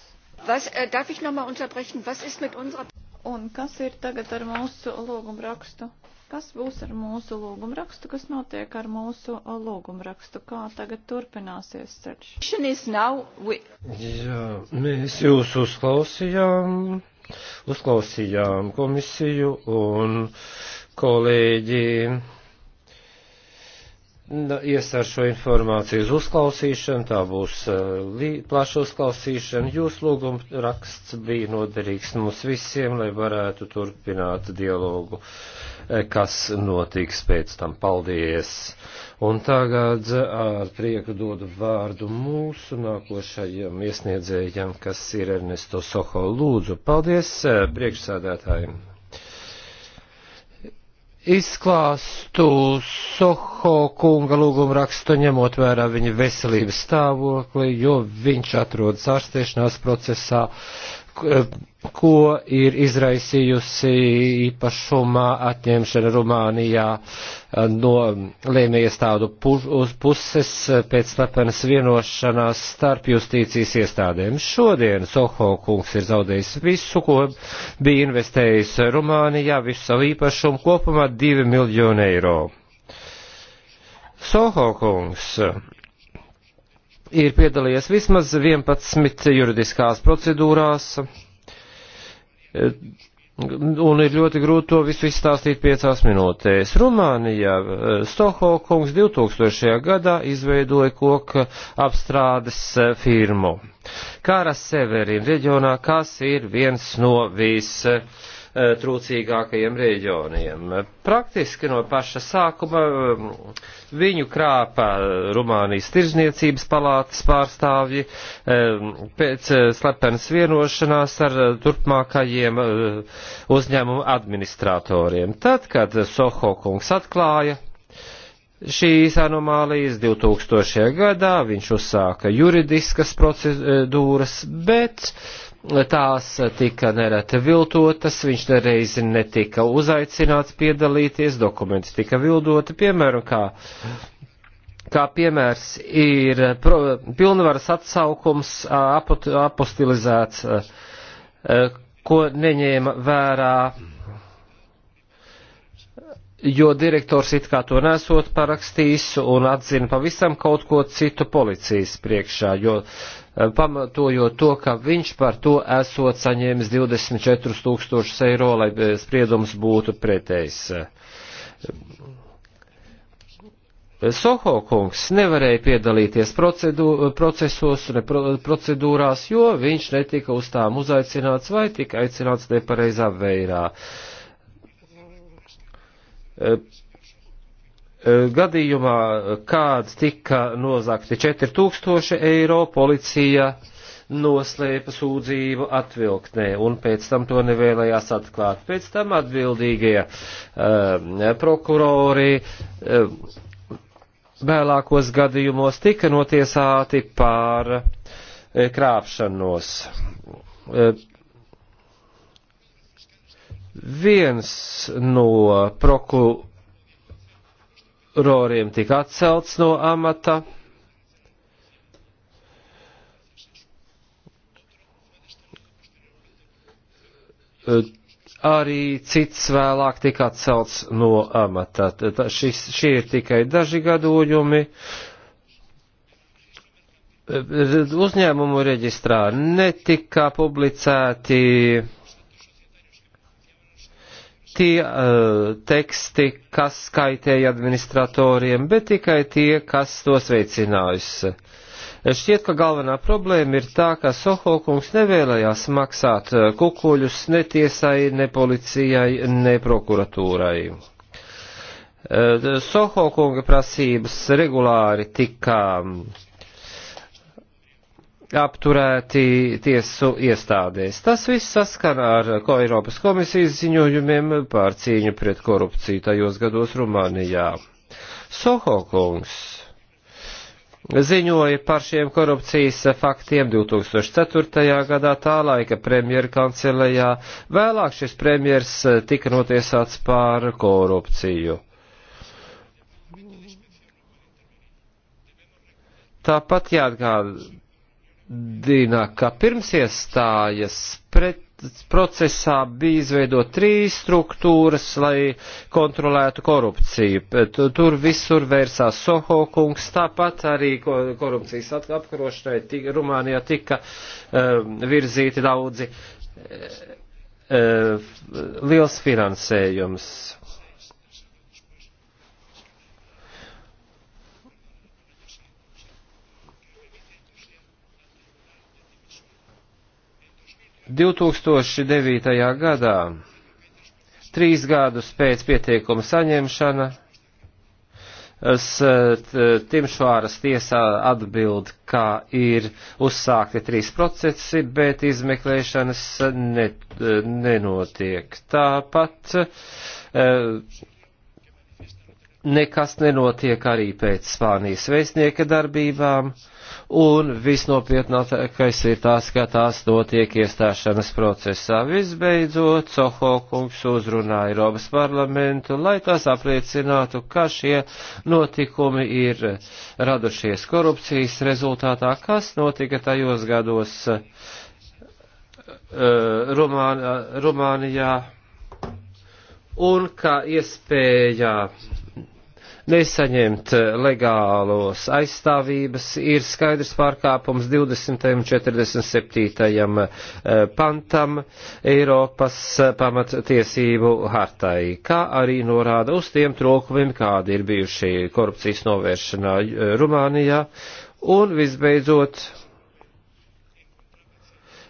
Was, äh, darf ich nochmal unterbrechen? Was ist mit unserer... Un kas ir tagad ar mūsu lūgumu rakstu? Kas būs ar mūsu lūgumu rakstu? Kas notiek ar mūsu uh, lūgumu rakstu? Kā tagad turpināsies ceļš? Jā, mēs jūs uzklausījām uzklausījām komisiju un kolēģi ies ar šo informāciju uz uzklausīšanu, tā būs e, plaša uzklausīšana. Jūs lūguma raksts bija noderīgs mums visiem, lai varētu turpināt dialogu, e, kas notiks pēc tam. Paldies! Un tagad ar prieku dodu vārdu mūsu nākošajam iesniedzējam, kas ir Ernesto Soho. Lūdzu, paldies eh, priekšsādātājiem. Izklāstu Soho kunga lūgumu rakstu ņemot vērā viņa veselības stāvokli, jo viņš atrodas ārstēšanās procesā Eh, ko ir izraisījusi īpašumā atņemšana Rumānijā eh, no lēmējiestādu uz puses eh, pēc slepenas vienošanās starp justīcijas iestādēm. Šodien Soho kungs ir zaudējis visu, ko bija investējis Rumānijā, visu savu īpašumu, kopumā 2 miljonu eiro. Soho kungs ir piedalījies vismaz 11 juridiskās procedūrās, un ir ļoti grūti to visu izstāstīt piecās minūtēs. Rumānijā Stohokungs 2000. gadā izveidoja koka apstrādes firmu. Kāra Severin reģionā, kas ir viens no vis E, trūcīgākajiem reģioniem. Praktiski no paša sākuma e, viņu krāpa Rumānijas tirzniecības palātas pārstāvji e, pēc slepenas vienošanās ar turpmākajiem uzņēmumu administratoriem. Tad, kad Soho kungs atklāja šīs anomālijas 2000. gadā, viņš uzsāka juridiskas procedūras, bet tās tika nereti viltotas, viņš nereizi netika uzaicināts piedalīties, dokumenti tika viltoti, piemēram, kā kā piemērs ir pro, pilnvaras atsaukums apot, apostilizēts, ko neņēma vērā, jo direktors it kā to nesot parakstījis un atzina pavisam kaut ko citu policijas priekšā, jo Eh, pamatojot to, ka viņš par to esot saņēmis 24 tūkstošus eiro, lai eh, spriedums būtu pretējs. Eh, Soho kungs nevarēja piedalīties procesos un procedūrās, jo viņš netika uz tām uzaicināts vai tika aicināts nepareizā veirā Eh, gadījumā, kāds tika nozakti 4000 eiro, policija noslēpa sūdzību atvilktnē un pēc tam to nevēlējās atklāt. Pēc tam atbildīgie um, prokurori um, vēlākos gadījumos tika notiesāti par um, krāpšanos. Um, viens no prokuroriem prokuroriem tika atcelts no amata. Arī cits vēlāk tika atcelts no amata. Tā, šis, šie ir tikai daži gadojumi. Uzņēmumu reģistrā netika publicēti tie uh, teksti, kas skaitēja administratoriem, bet tikai tie, kas tos veicinājusi. Šķiet, ka galvenā problēma ir tā, ka Sohokungs nevēlējās maksāt eh, kukuļus ne tiesai, ne policijai, ne prokuratūrai. Eh, Sohokunga prasības regulāri tika uh, apturēti tiesu iestādēs. Tas viss saskarā ar ko Eiropas komisijas ziņojumiem par cīņu pret korupciju tajos gados Rumānijā. Soho kungs ziņoja par šiem korupcijas faktiem 2004. gadā tā laika premjera kancelējā. Vēlāk šis premjers tika notiesāts par korupciju. Tāpat jāatgādina atgādina, ka pirms iestājas pret procesā bija izveidot trīs struktūras, lai kontrolētu korupciju. Tur visur vērsās Soho kungs, tāpat arī korupcijas apkarošanai tika, Rumānijā tika um, virzīti daudzi um, liels finansējums 2009. gadā, trīs gadus pēc pieteikuma saņemšana, Timšvāras tiesā atbild, ka ir uzsākti trīs procesi, bet izmeklēšanas net, nenotiek. Tāpat e, nekas nenotiek arī pēc Spānijas vēstnieka darbībām, un visnopietnākais ir tās, ka tās notiek iestāšanas procesā. Visbeidzot, Soho kungs uzrunāja Eiropas parlamentu, lai tas apliecinātu, ka šie notikumi ir radušies korupcijas rezultātā, kas notika tajos gados uh, Rumānijā, un ka iespējā nesaņemt legālos aizstāvības, ir skaidrs pārkāpums 20. un 47. Eh, pantam Eiropas eh, pamattiesību hartai, kā arī norāda uz tiem trūkumiem, kādi ir bijuši korupcijas novēršanā eh, Rumānijā, un visbeidzot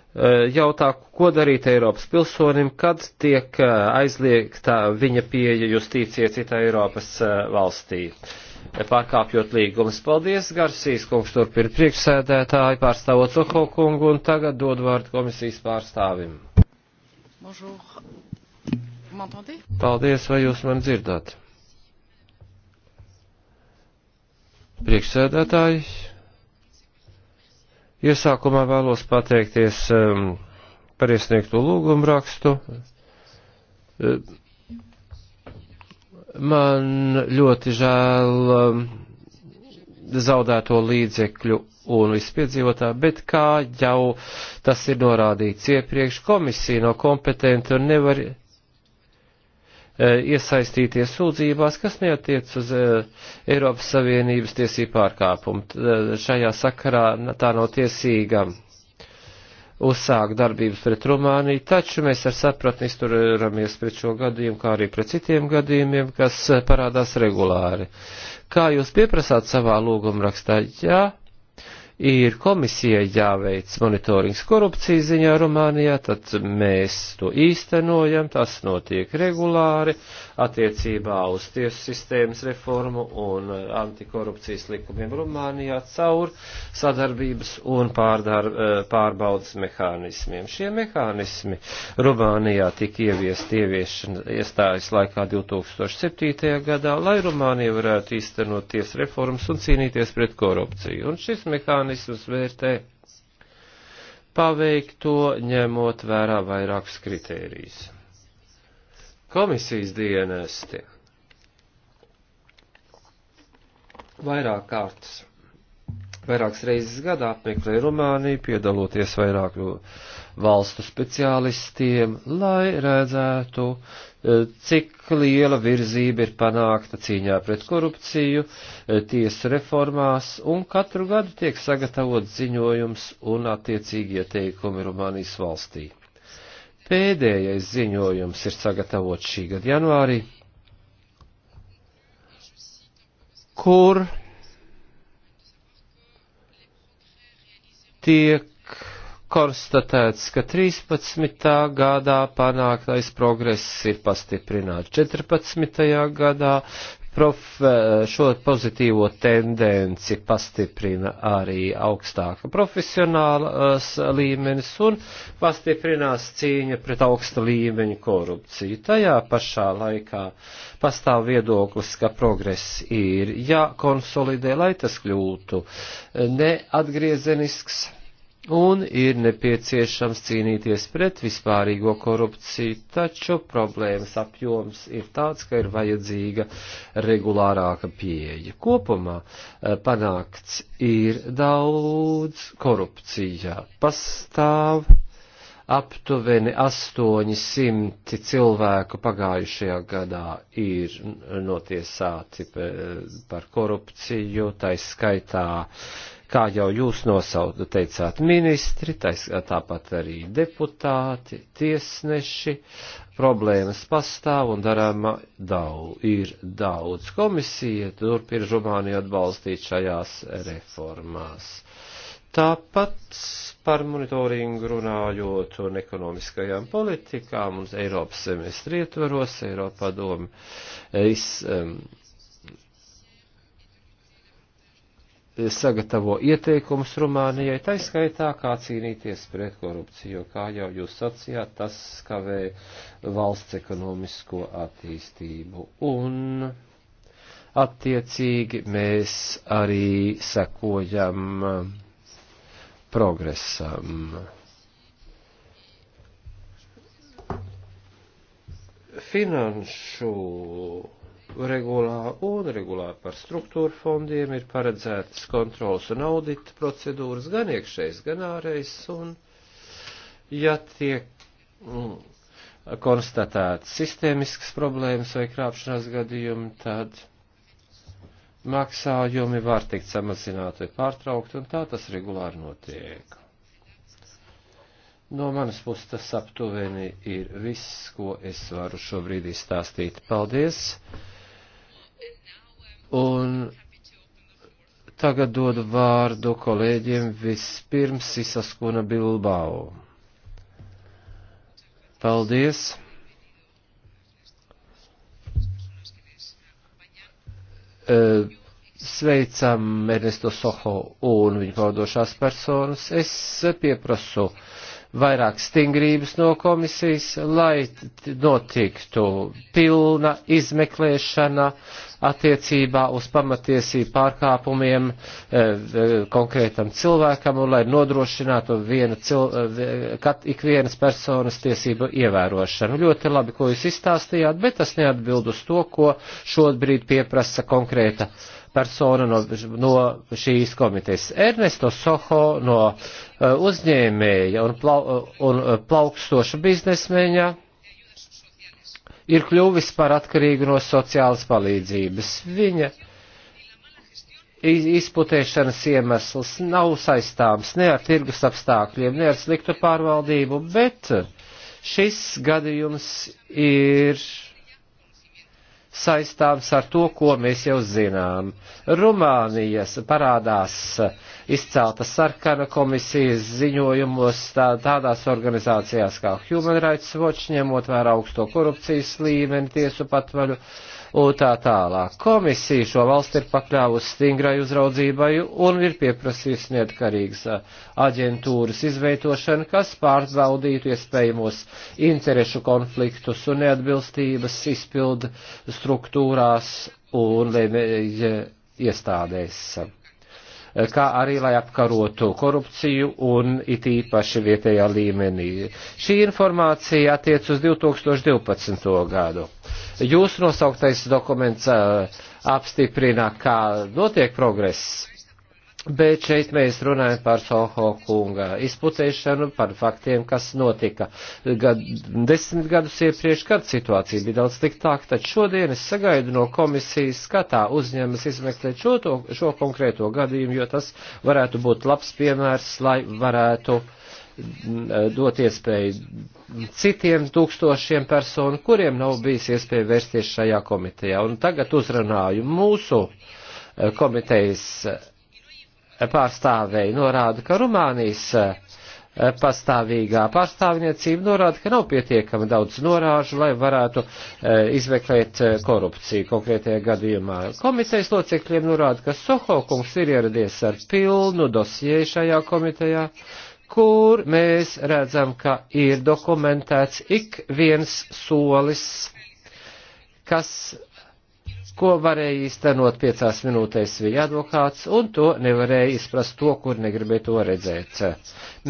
Eh, jautā, ko darīt Eiropas pilsonim, kad tiek eh, aizliegta viņa pieeja justīcija citā Eiropas eh, valstī. Pārkāpjot līgumus, paldies, Garsīs kungs turpina priekšsēdētāji, pārstāvot Soho kungu, un tagad dod vārdu komisijas pārstāvim. Bonjour. Paldies, vai jūs man dzirdat? Priekšsēdētājs. Iesākumā vēlos pateikties um, par iesniegto lūgumu rakstu. Uh, man ļoti žēl um, zaudēto līdzekļu un vispiedzīvotā, bet kā jau tas ir norādīts iepriekš, komisija no kompetenta nevar E, iesaistīties sūdzībās, kas neatiec uz e, Eiropas Savienības tiesību pārkāpumu. E, šajā sakarā tā nav tiesīga uzsākt darbības pret Rumāniju, taču mēs ar sapratni izturamies pret šo gadījumu, kā arī pret citiem gadījumiem, kas parādās regulāri. Kā jūs pieprasāt savā lūgumrakstā, jā, ir komisijai jāveic monitorings korupcijas ziņā Rumānijā, tad mēs to īstenojam, tas notiek regulāri, attiecībā uz tiesu sistēmas reformu un eh, antikorupcijas likumiem Rumānijā caur sadarbības un pārdar, eh, pārbaudas mehānismiem. Šie mehānismi Rumānijā tika ieviest ieviešana iestājas laikā 2007. gadā, lai Rumānija varētu īstenot tiesu reformas un cīnīties pret korupciju. Un šis mehānisms vērtē paveikto ņemot vērā vairākus kritērijus komisijas dienesti vairāk kārtas, vairākas reizes gadā apmeklē Rumāniju, piedaloties vairāku valstu speciālistiem, lai redzētu, e, cik liela virzība ir panākta cīņā pret korupciju, e, tiesu reformās, un katru gadu tiek sagatavot ziņojums un attiecīgi ieteikumi Rumānijas valstī. Pēdējais ziņojums ir sagatavots šī gada janvārī, kur tiek konstatēts, ka 13. gadā panāktais progress ir pastiprināts 14. gadā, Prof, eh, šo pozitīvo tendenci pastiprina arī augstāka profesionālas līmenis un pastiprinās cīņa pret augsta līmeņa korupciju. Tajā pašā laikā pastāv viedoklis, ka progress ir jākonsolidē, lai tas kļūtu neatgriezenisks un ir nepieciešams cīnīties pret vispārīgo korupciju, taču problēmas apjoms ir tāds, ka ir vajadzīga regulārāka pieeja. Kopumā eh, panākts ir daudz korupcijā. Pastāv aptuveni 800 cilvēku pagājušajā gadā ir notiesāti eh, par korupciju, tā skaitā kā jau jūs nosaukt, teicāt ministri, tais, tāpat arī deputāti, tiesneši, problēmas pastāv un darāma daudz, ir daudz. Komisija turpina Rumāniju atbalstīt šajās reformās. Tāpat par monitoringu runājot un ekonomiskajām politikām un Eiropas semestri ietvaros, Eiropā doma iz, um, sagatavo ieteikumus Rumānijai, taiskaitā, kā cīnīties pret korupciju, jo, kā jau jūs sacījāt, tas skavē valsts ekonomisko attīstību. Un attiecīgi mēs arī sekojam progresam. Finanšu regulā un regulā par struktūra fondiem ir paredzētas kontrols un audita procedūras gan iekšējas, gan ārējas, un ja tiek mm, konstatētas sistēmiskas problēmas vai krāpšanās gadījumi, tad maksājumi var tikt samazināti vai pārtraukti, un tā tas regulāri notiek. No manas puses tas aptuveni ir viss, ko es varu šobrīd izstāstīt. Paldies! Un tagad dodu vārdu kolēģiem vispirms Isaskuna Bilbao. Paldies! E, sveicam Ernesto Soho un viņa pavadošās personas. Es pieprasu uh, vairāk stingrības no komisijas, lai notiktu pilna izmeklēšana attiecībā uz pamatiesību pārkāpumiem e, e konkrētam cilvēkam un lai nodrošinātu viena cil, e, kat, ikvienas personas tiesību ievērošanu. Ļoti labi, ko jūs izstāstījāt, bet tas neatbild uz to, ko šobrīd pieprasa konkrēta persona no, no šīs komitejas. Ernesto Soho no eh, uzņēmēja un, plau, eh, un eh, plaukstoša biznesmeņa ir kļuvis par atkarīgu no sociālas palīdzības. Viņa izputēšanas iemesls nav saistāms ne ar tirgus apstākļiem, ne ar sliktu pārvaldību, bet šis gadījums ir saistāms ar to, ko mēs jau zinām. Rumānijas parādās izcelta sarkana komisijas ziņojumos tā, tādās organizācijās kā Human Rights Watch, ņemot vērā augsto korupcijas līmeni, tiesu patvaļu un tā tālāk. Komisija šo valsti ir pakļāvusi stingrai uzraudzībai un ir pieprasījusi neatkarīgas aģentūras izveidošanu, kas pārbaudītu iespējamos interešu konfliktus un neatbilstības izpildu struktūrās un lēmēja iestādēs kā arī lai apkarotu korupciju un it īpaši vietējā līmenī. Šī informācija attiec uz 2012. gadu. Jūsu nosauktais dokuments apstiprina, kā notiek progress. Bet šeit mēs runājam par Soho kunga izpucēšanu, par faktiem, kas notika gad, desmit gadus iepriekš, kad situācija bija daudz sliktāka, tad šodien es sagaidu no komisijas skatā uzņemas izmeklēt šo, to, šo konkrēto gadījumu, jo tas varētu būt labs piemērs, lai varētu uh, Eh, dot iespēju citiem tūkstošiem personu, kuriem nav bijis iespēja vērsties šajā komitejā. Un tagad uzrunāju mūsu eh, komitejas eh, pārstāvēji norāda, ka Rumānijas pastāvīgā pārstāvniecība norāda, ka nav pietiekami daudz norāžu, lai varētu izmeklēt korupciju konkrētajā gadījumā. Komitejas locekļiem norāda, ka Soho kungs ir ieradies ar pilnu dosie šajā komitejā kur mēs redzam, ka ir dokumentēts ik viens solis, kas, ko varēja īstenot piecās minūtēs viņa advokāts, un to nevarēja izprast to, kur negribēja to redzēt.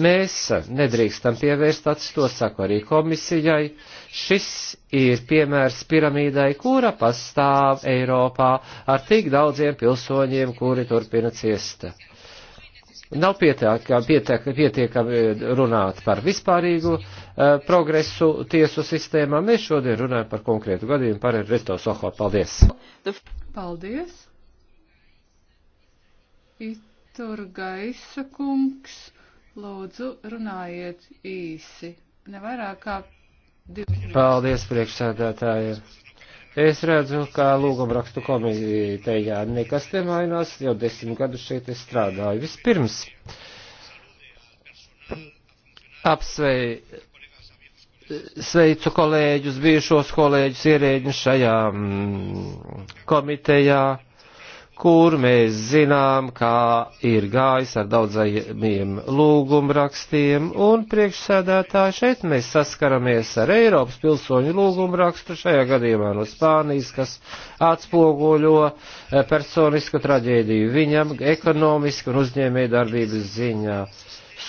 Mēs nedrīkstam pievērst acis, to saku arī komisijai. Šis ir piemērs piramīdai, kura pastāv Eiropā ar tik daudziem pilsoņiem, kuri turpina ciest. Nav pietiekami pietiekam eh, runāt par vispārīgu uh, progresu tiesu sistēmā. Mēs šodien runājam par konkrētu gadījumu, par Resto Soho. Paldies! Paldies! Itur gaisa kungs, lūdzu runājiet īsi. Nevairāk kā 20. Paldies priekšsēdētājiem! Es redzu, ka lūgumrakstu komitejā nekas nemainās, jau desmit gadus šeit es strādāju. Vispirms apsveicu sveicu kolēģus, bijušos kolēģus, ierēģus šajā mm, komitejā kur mēs zinām, kā ir gājis ar daudzajiem lūgumrakstiem, un priekšsēdētāji šeit mēs saskaramies ar Eiropas pilsoņu lūgumrakstu, šajā gadījumā no Spānijas, kas atspoguļo eh, personisku traģēdiju viņam ekonomiski un uzņēmēju darbības ziņā.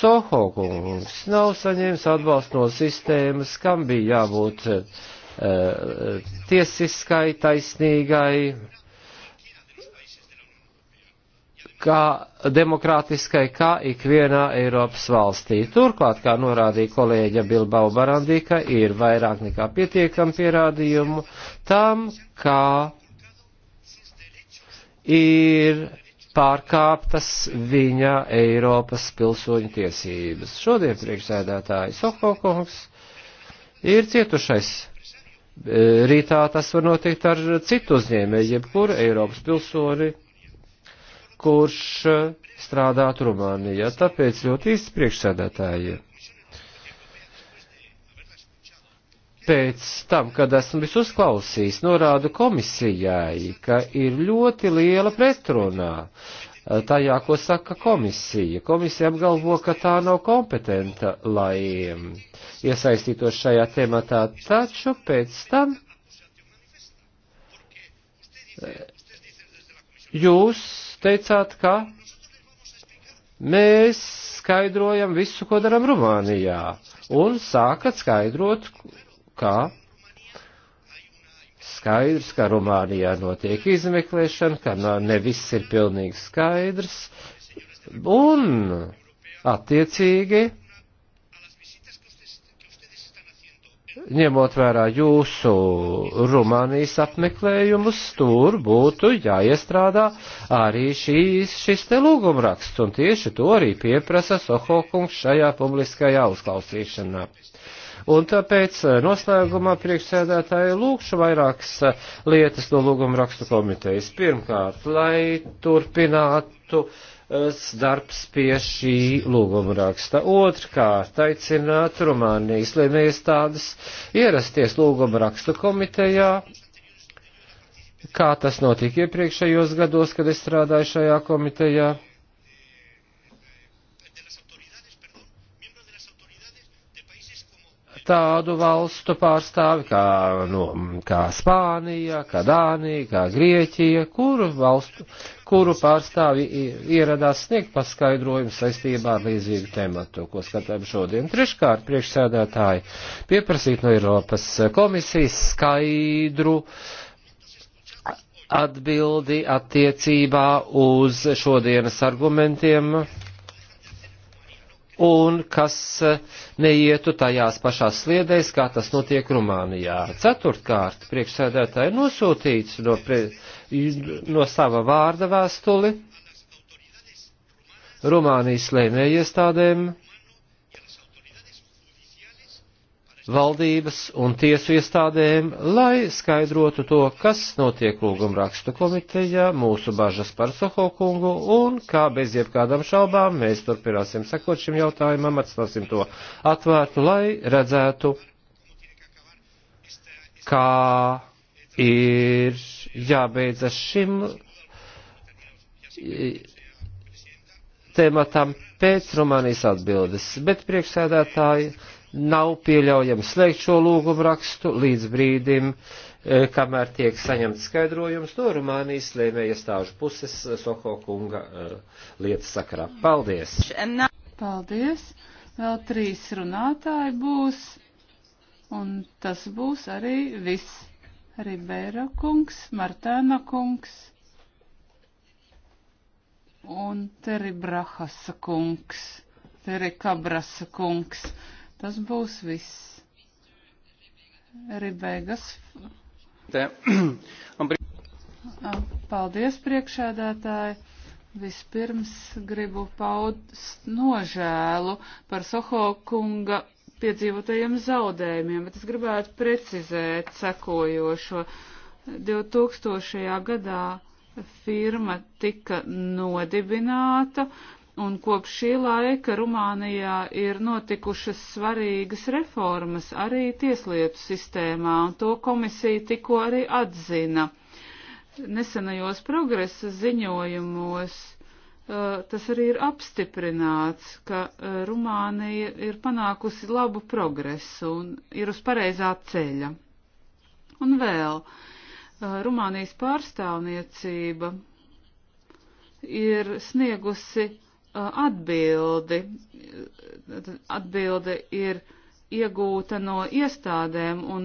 Soho kungs nav saņēmis atbalstu no sistēmas, kam bija jābūt uh, tiesiskai, taisnīgai, kā demokrātiskai, kā ikvienā Eiropas valstī. Turklāt, kā norādīja kolēģa Bilbao Barandīka, ir vairāk nekā pietiekam pierādījumu tam, kā ir pārkāptas viņa Eiropas pilsoņu tiesības. Šodien priekšsēdētāji Sokokungs ir cietušais. Rītā tas var notikt ar citu uzņēmēju, jebkuru Eiropas pilsoni kurš eh, strādātu Rumānijā. Tāpēc ļoti īsti priekšsēdētāji. Pēc tam, kad esmu visu uzklausījis, norādu komisijai, ka ir ļoti liela pretrunā eh, tajā, ko saka komisija. Komisija apgalvo, ka tā nav kompetenta, lai mm, iesaistītos šajā tematā, taču pēc tam eh, jūs teicāt, ka mēs skaidrojam visu, ko darām Rumānijā, un sākat skaidrot, kā skaidrs, ka Rumānijā notiek izmeklēšana, ka ne viss ir pilnīgi skaidrs, un attiecīgi ņemot vērā jūsu Rumānijas apmeklējumus, tur būtu jāiestrādā arī šīs, šis te lūgumraksts, un tieši to arī pieprasa Sohokungs šajā publiskajā uzklausīšanā. Un tāpēc eh, noslēgumā priekšsēdētāji lūkšu vairākas eh, lietas no lūguma rakstu komitejas. Pirmkārt, lai turpinātu uh, darbs pie šī lūguma raksta. Otrkārt, aicināt Rumānijas lēmējas tādas ierasties lūguma rakstu komitejā, kā tas notika iepriekšējos gados, kad es strādāju šajā komitejā. tādu valstu pārstāvi kā, no, kā Spānija, kā Dānija, kā Grieķija, kuru valstu, kuru pārstāvi ieradās sniegt paskaidrojumu saistībā ar līdzīgu tematu, ko skatām šodien. Treškārt, priekšsēdētāji pieprasīt no Eiropas komisijas skaidru atbildi attiecībā uz šodienas argumentiem un kas eh, neietu tajās pašās sliedēs, kā tas notiek Rumānijā. Ceturtkārt, priekšsēdētāji nosūtīts no, pre, no sava vārda vēstuli Rumānijas lēmējiestādēm. iestādēm valdības un tiesu iestādēm, lai skaidrotu to, kas notiek lūguma rakstu komitejā, mūsu bažas par Sohokungu un kā bez jebkādām šaubām mēs turpināsim sekot šim jautājumam, atstāsim to atvērtu, lai redzētu, kā ir jābeidzas šim tematam pēc Rumānijas atbildes. Bet priekšsēdētāji nav pieļaujami slēgt šo lūgumu rakstu līdz brīdim, e, kamēr tiek saņemts skaidrojums no Rumānijas lēmēja stāžu puses e, Soko kunga e, lietas sakarā. Paldies! Paldies! Vēl trīs runātāji būs, un tas būs arī viss. Ribeira kungs, Martēna kungs un Teri Brahasa kungs, Teri Kabrasa kungs. Tas būs viss. Ribēgas. Paldies, priekšēdētāji. Vispirms gribu paust nožēlu par Soho kunga piedzīvotajiem zaudējumiem, bet es gribētu precizēt sekojošo. 2000. gadā firma tika nodibināta, un kopš šī laika Rumānijā ir notikušas svarīgas reformas arī tieslietu sistēmā, un to komisija tikko arī atzina. Nesenajos progresa ziņojumos uh, tas arī ir apstiprināts, ka uh, Rumānija ir panākusi labu progresu un ir uz pareizā ceļa. Un vēl, uh, Rumānijas pārstāvniecība ir sniegusi atbildi. Atbilde ir iegūta no iestādēm un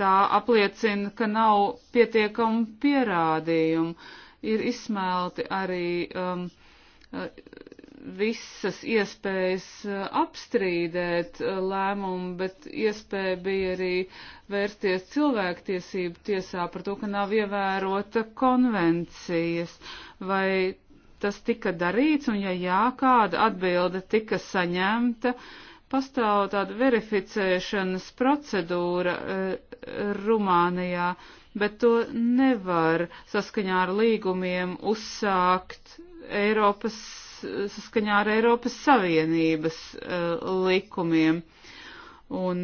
tā apliecina, ka nav pietiekamu pierādījumu. Ir izsmelti arī um, visas iespējas apstrīdēt lēmumu, bet iespēja bija arī vērsties cilvēktiesību tiesā par to, ka nav ievērota konvencijas vai tas tika darīts, un ja jā, kāda atbilde tika saņemta, pastāv tāda verificēšanas procedūra e, Rumānijā, bet to nevar saskaņā ar līgumiem uzsākt Eiropas, saskaņā ar Eiropas Savienības e, likumiem. Un,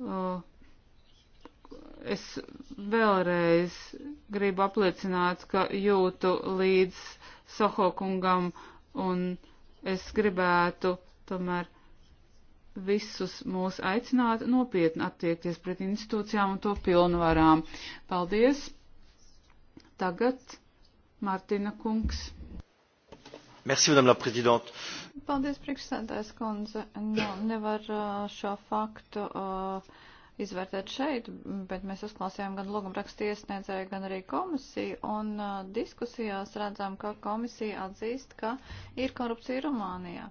uh, es vēlreiz gribu apliecināt, ka jūtu līdz Sohokungam un es gribētu tomēr visus mūs aicināt nopietni attiekties pret institūcijām un to pilnvarām. Paldies! Tagad Mārtiņa kungs. Merci, madame la présidente. Paldies, priekšsēdētājs kundze. Nu, nevar šo faktu. Uh, izvērtēt šeit, bet mēs uzklausījām gan lūgumrakstu iesniedzēju, gan arī komisiju, un uh, diskusijās redzam, ka komisija atzīst, ka ir korupcija Rumānijā.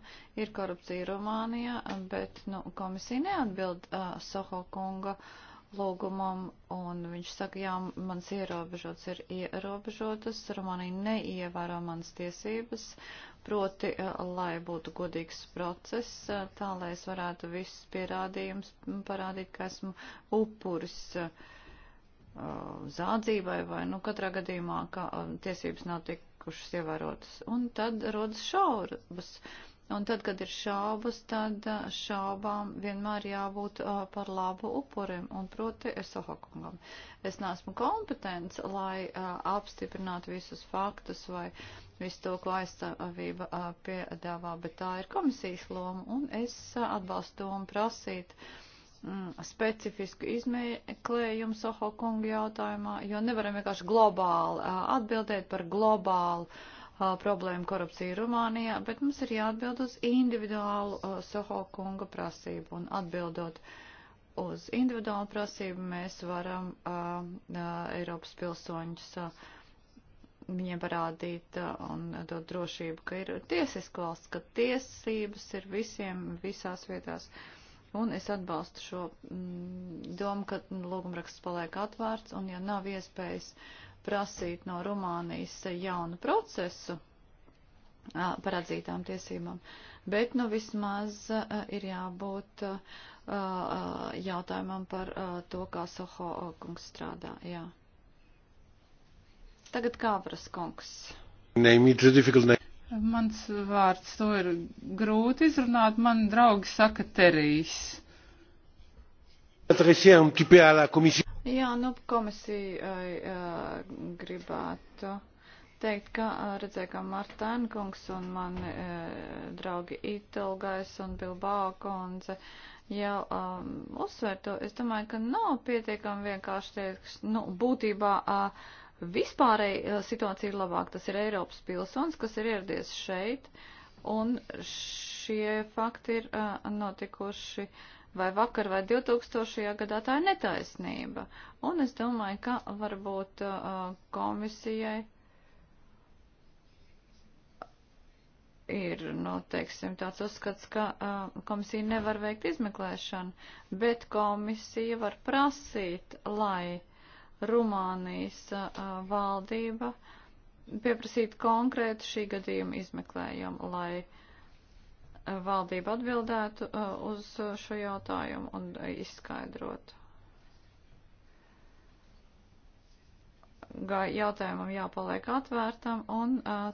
Ir korupcija Rumānijā, bet nu, komisija neatbild uh, Soho kunga uh, lūgumam, un viņš saka, jā, mans ierobežotas ir ierobežotas, Rumānija neievēro manas tiesības, proti, eh, lai būtu godīgs process, eh, tā lai es varētu visus pierādījumus parādīt, ka esmu upuris eh, zādzībai vai, nu, katrā gadījumā, ka tiesības nav tikušas ievērotas. Un tad rodas šaurabas. Uh, Un tad, kad ir šaubas, tad šaubām vienmēr jābūt par labu upurim un proti Sohokungam. Es neesmu kompetents, lai apstiprinātu visus faktus vai visu to, ko aizstāvība piedāvā, bet tā ir komisijas loma un es atbalstu domu prasīt mm, specifisku izmeklējumu Sohokunga jautājumā, jo nevaram vienkārši globāli atbildēt par globālu problēmu korupciju Rumānijā, bet mums ir jāatbild uz individuālu uh, Soho kunga prasību. Un atbildot uz individuālu prasību, mēs varam uh, uh, Eiropas pilsoņus uh, viņiem parādīt uh, un dot drošību, ka ir tiesiska valsts, ka tiesības ir visiem visās vietās. Un es atbalstu šo mm, domu, ka lūgumraksts paliek atvērts, un ja nav iespējas uh, prasīt no Rumānijas jaunu procesu par atzītām tiesībām, bet nu vismaz ir jābūt jautājumam par to, kā Soho kungs strādā. Jā. Tagad Kāvras kungs. Name, Mans vārds to ir grūti izrunāt. Man draugi saka Terijs. Jā, nu komisija gribētu teikt, ka redzēju, ka Martēna kungs un mani e, draugi Italgais un Bilbao kundze jau um, uzsver to. Es domāju, ka nav pietiekami vienkārši teikt, nu, būtībā uh, vispārēji situācija ir labāka. Tas ir Eiropas pilsons, kas ir ieradies šeit, un šie fakti ir uh, notikuši. Uh, vai vakar vai 2000. gadā, tā ir netaisnība. Un es domāju, ka varbūt uh, komisijai ir, nu, teiksim, tāds uzskats, ka uh, komisija nevar veikt izmeklēšanu, bet komisija var prasīt, lai Rumānijas uh, valdība pieprasītu konkrētu šī gadījuma izmeklējumu, lai uh, valdība atbildētu uh, uz uh, šo jautājumu un izskaidrotu. Jautājumam jāpaliek atvērtam un uh,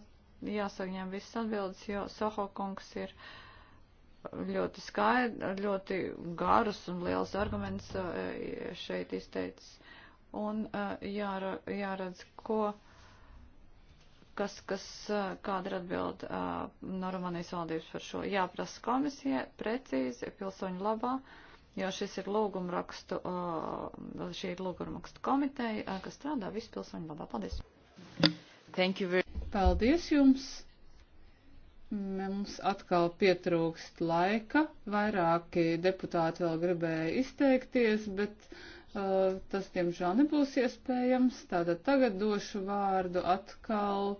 jāsaņem visas atbildes, jo Soho kungs ir ļoti skaidri, ļoti garus un liels arguments šeit izteicis. Un jāra, jāredz, ko kas, kas, kāda ir atbilda uh, no Rumānijas valdības par šo. Jāprasa komisija precīzi pilsoņu labā, jo šis ir lūgumrakstu, uh, šī ir lūgumrakstu komiteja, uh, kas strādā visu pilsoņu labā. Paldies! Thank you very... Paldies jums! Mums atkal pietrūkst laika. Vairāki deputāti vēl gribēja izteikties, bet tas, diemžēl, nebūs iespējams. Tātad tagad došu vārdu atkal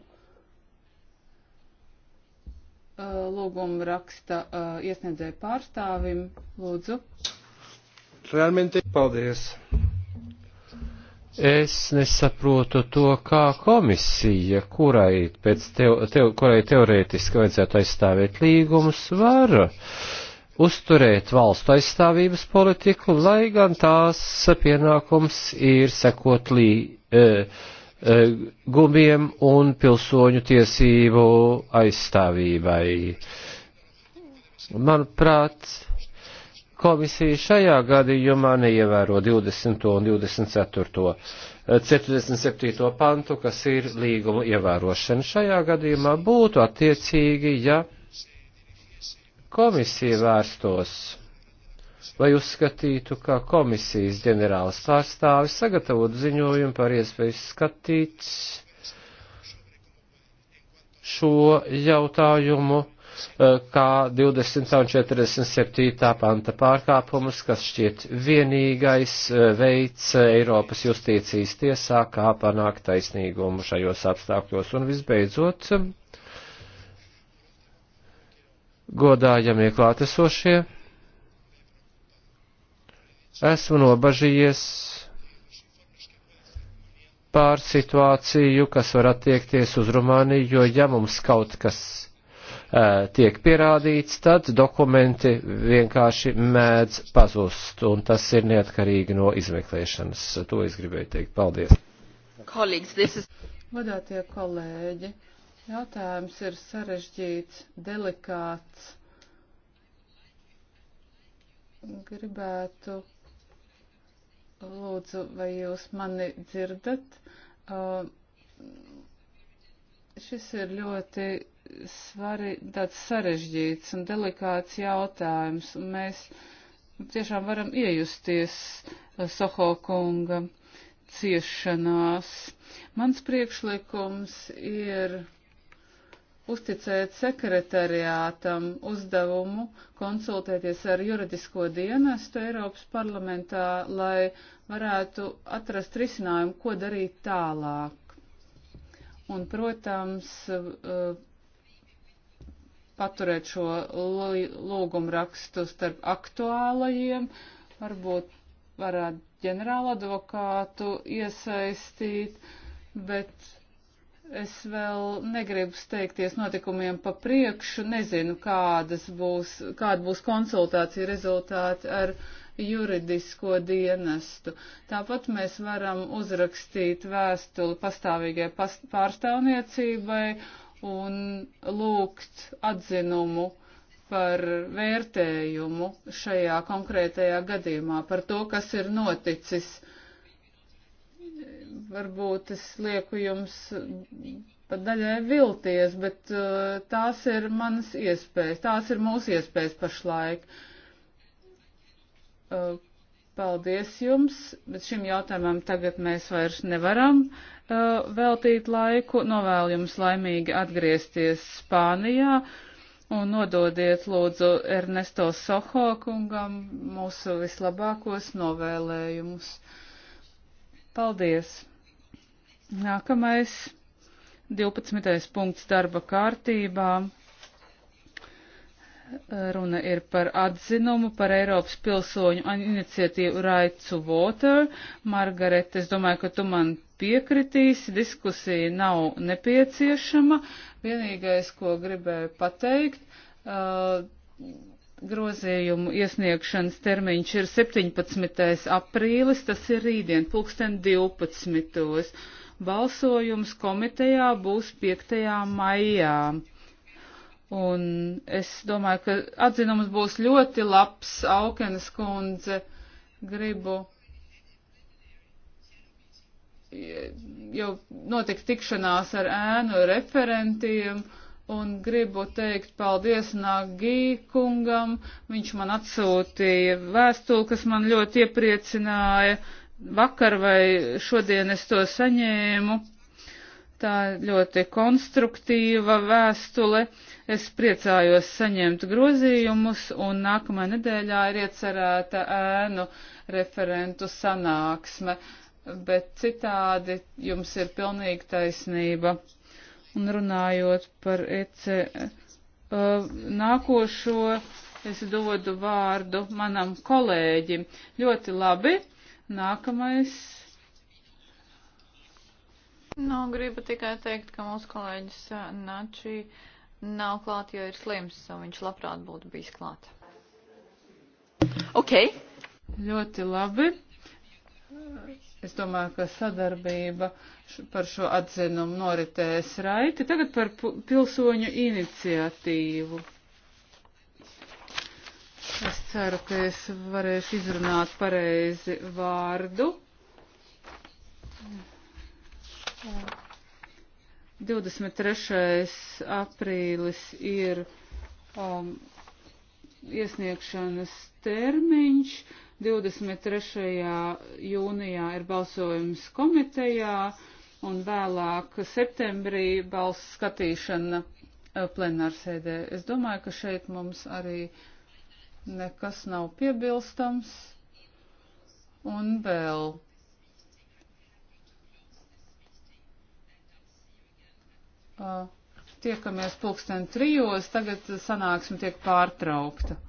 Uh, lūgumu raksta uh, iesniedzēju pārstāvim. Lūdzu. Realmente. Paldies. Es nesaprotu to, kā komisija, kurai, teo, teo, kurai teorētiski vajadzētu aizstāvēt līgumus, var uzturēt valstu aizstāvības politiku, lai gan tās pienākums ir sekot līgumus eh, E, gumiem un pilsoņu tiesību aizstāvībai. Manuprāt, komisija šajā gadījumā neievēro 20. un 24. 47. E, pantu, kas ir līguma ievērošana. Šajā gadījumā būtu attiecīgi, ja komisija vērstos lai uzskatītu, ka komisijas ģenerālis pārstāvis sagatavot ziņojumu par iespēju skatīt šo jautājumu eh, kā 20. un 47. panta pārkāpumus, kas šķiet vienīgais eh, veids Eiropas justīcijas tiesā, kā panākt taisnīgumu šajos apstākļos. Un visbeidzot, eh, godājamie klātesošie esmu nobažījies pār situāciju, kas var attiekties uz Rumāniju, jo ja mums kaut kas uh, tiek pierādīts, tad dokumenti vienkārši mēdz pazust, un tas ir neatkarīgi no izmeklēšanas. To es gribēju teikt. Paldies. Kolīgs, is... Vadātie kolēģi, jautājums ir sarežģīts, delikāts. Gribētu Lūdzu, vai jūs mani dzirdat? Uh, šis ir ļoti svari, tāds sarežģīts un delikāts jautājums, un mēs tiešām varam iejusties Soho kunga ciešanās. Mans priekšlikums ir uzticēt sekretariātam uzdevumu konsultēties ar juridisko dienestu Eiropas parlamentā, lai varētu atrast risinājumu, ko darīt tālāk. Un, protams, eh, paturēt šo lūgumu rakstu starp aktuālajiem, varbūt varētu ģenerāladvokātu iesaistīt, bet Es vēl negribu steigties notikumiem pa priekšu, nezinu, kādas būs, kāda būs konsultācija rezultāti ar juridisko dienestu. Tāpat mēs varam uzrakstīt vēstuli pastāvīgai past pārstāvniecībai un lūgt atzinumu par vērtējumu šajā konkrētajā gadījumā, par to, kas ir noticis uh, varbūt es lieku jums pat daļai vilties, bet uh, tās ir manas iespējas, tās ir mūsu iespējas pašlaik. Uh, paldies jums, bet šim jautājumam tagad mēs vairs nevaram uh, veltīt laiku. Novēlu jums laimīgi atgriezties Spānijā un nododiet lūdzu Ernesto Soho kungam mūsu vislabākos novēlējumus. Paldies! Nākamais 12. punkts darba kārtībā. Runa ir par atzinumu par Eiropas pilsoņu iniciatīvu Right to Water. Margaret, es domāju, ka tu man piekritīsi, diskusija nav nepieciešama. Vienīgais, ko gribēju pateikt, uh, grozījumu iesniegšanas termiņš ir 17. aprīlis, tas ir rītdien, pulksten 12. Balsojums komitejā būs 5. maijā. Un es domāju, ka atzinums būs ļoti labs, Aukenas kundze. Gribu jau notiks tikšanās ar ēnu referentiem un gribu teikt paldies Nagī kungam. Viņš man atsūtīja vēstuli, kas man ļoti iepriecināja vakar vai šodien es to saņēmu. Tā ļoti konstruktīva vēstule. Es priecājos saņemt grozījumus un nākamajā nedēļā ir iecerēta ēnu referentu sanāksme, bet citādi jums ir pilnīgi taisnība. Un runājot par ECE uh, nākošo, es dodu vārdu manam kolēģim. Ļoti labi. Nākamais. Nu, gribu tikai teikt, ka mūsu kolēģis eh, Načī nav klāt, jo ir slims, un viņš labprāt būtu bijis klāt. Ok. Ļoti labi. Es domāju, ka sadarbība par šo atzinumu noritēs raiti. Tagad par pilsoņu iniciatīvu. Es ceru, ka es varēšu izrunāt pareizi vārdu. 23. aprīlis ir um, iesniegšanas termiņš, 23. jūnijā ir balsojums komitejā un vēlāk septembrī balss skatīšana uh, plenārsēdē. Es domāju, ka šeit mums arī nekas nav piebilstams. Un vēl. Uh, tiekamies pulksten trijos, tagad sanāksme tiek pārtraukta.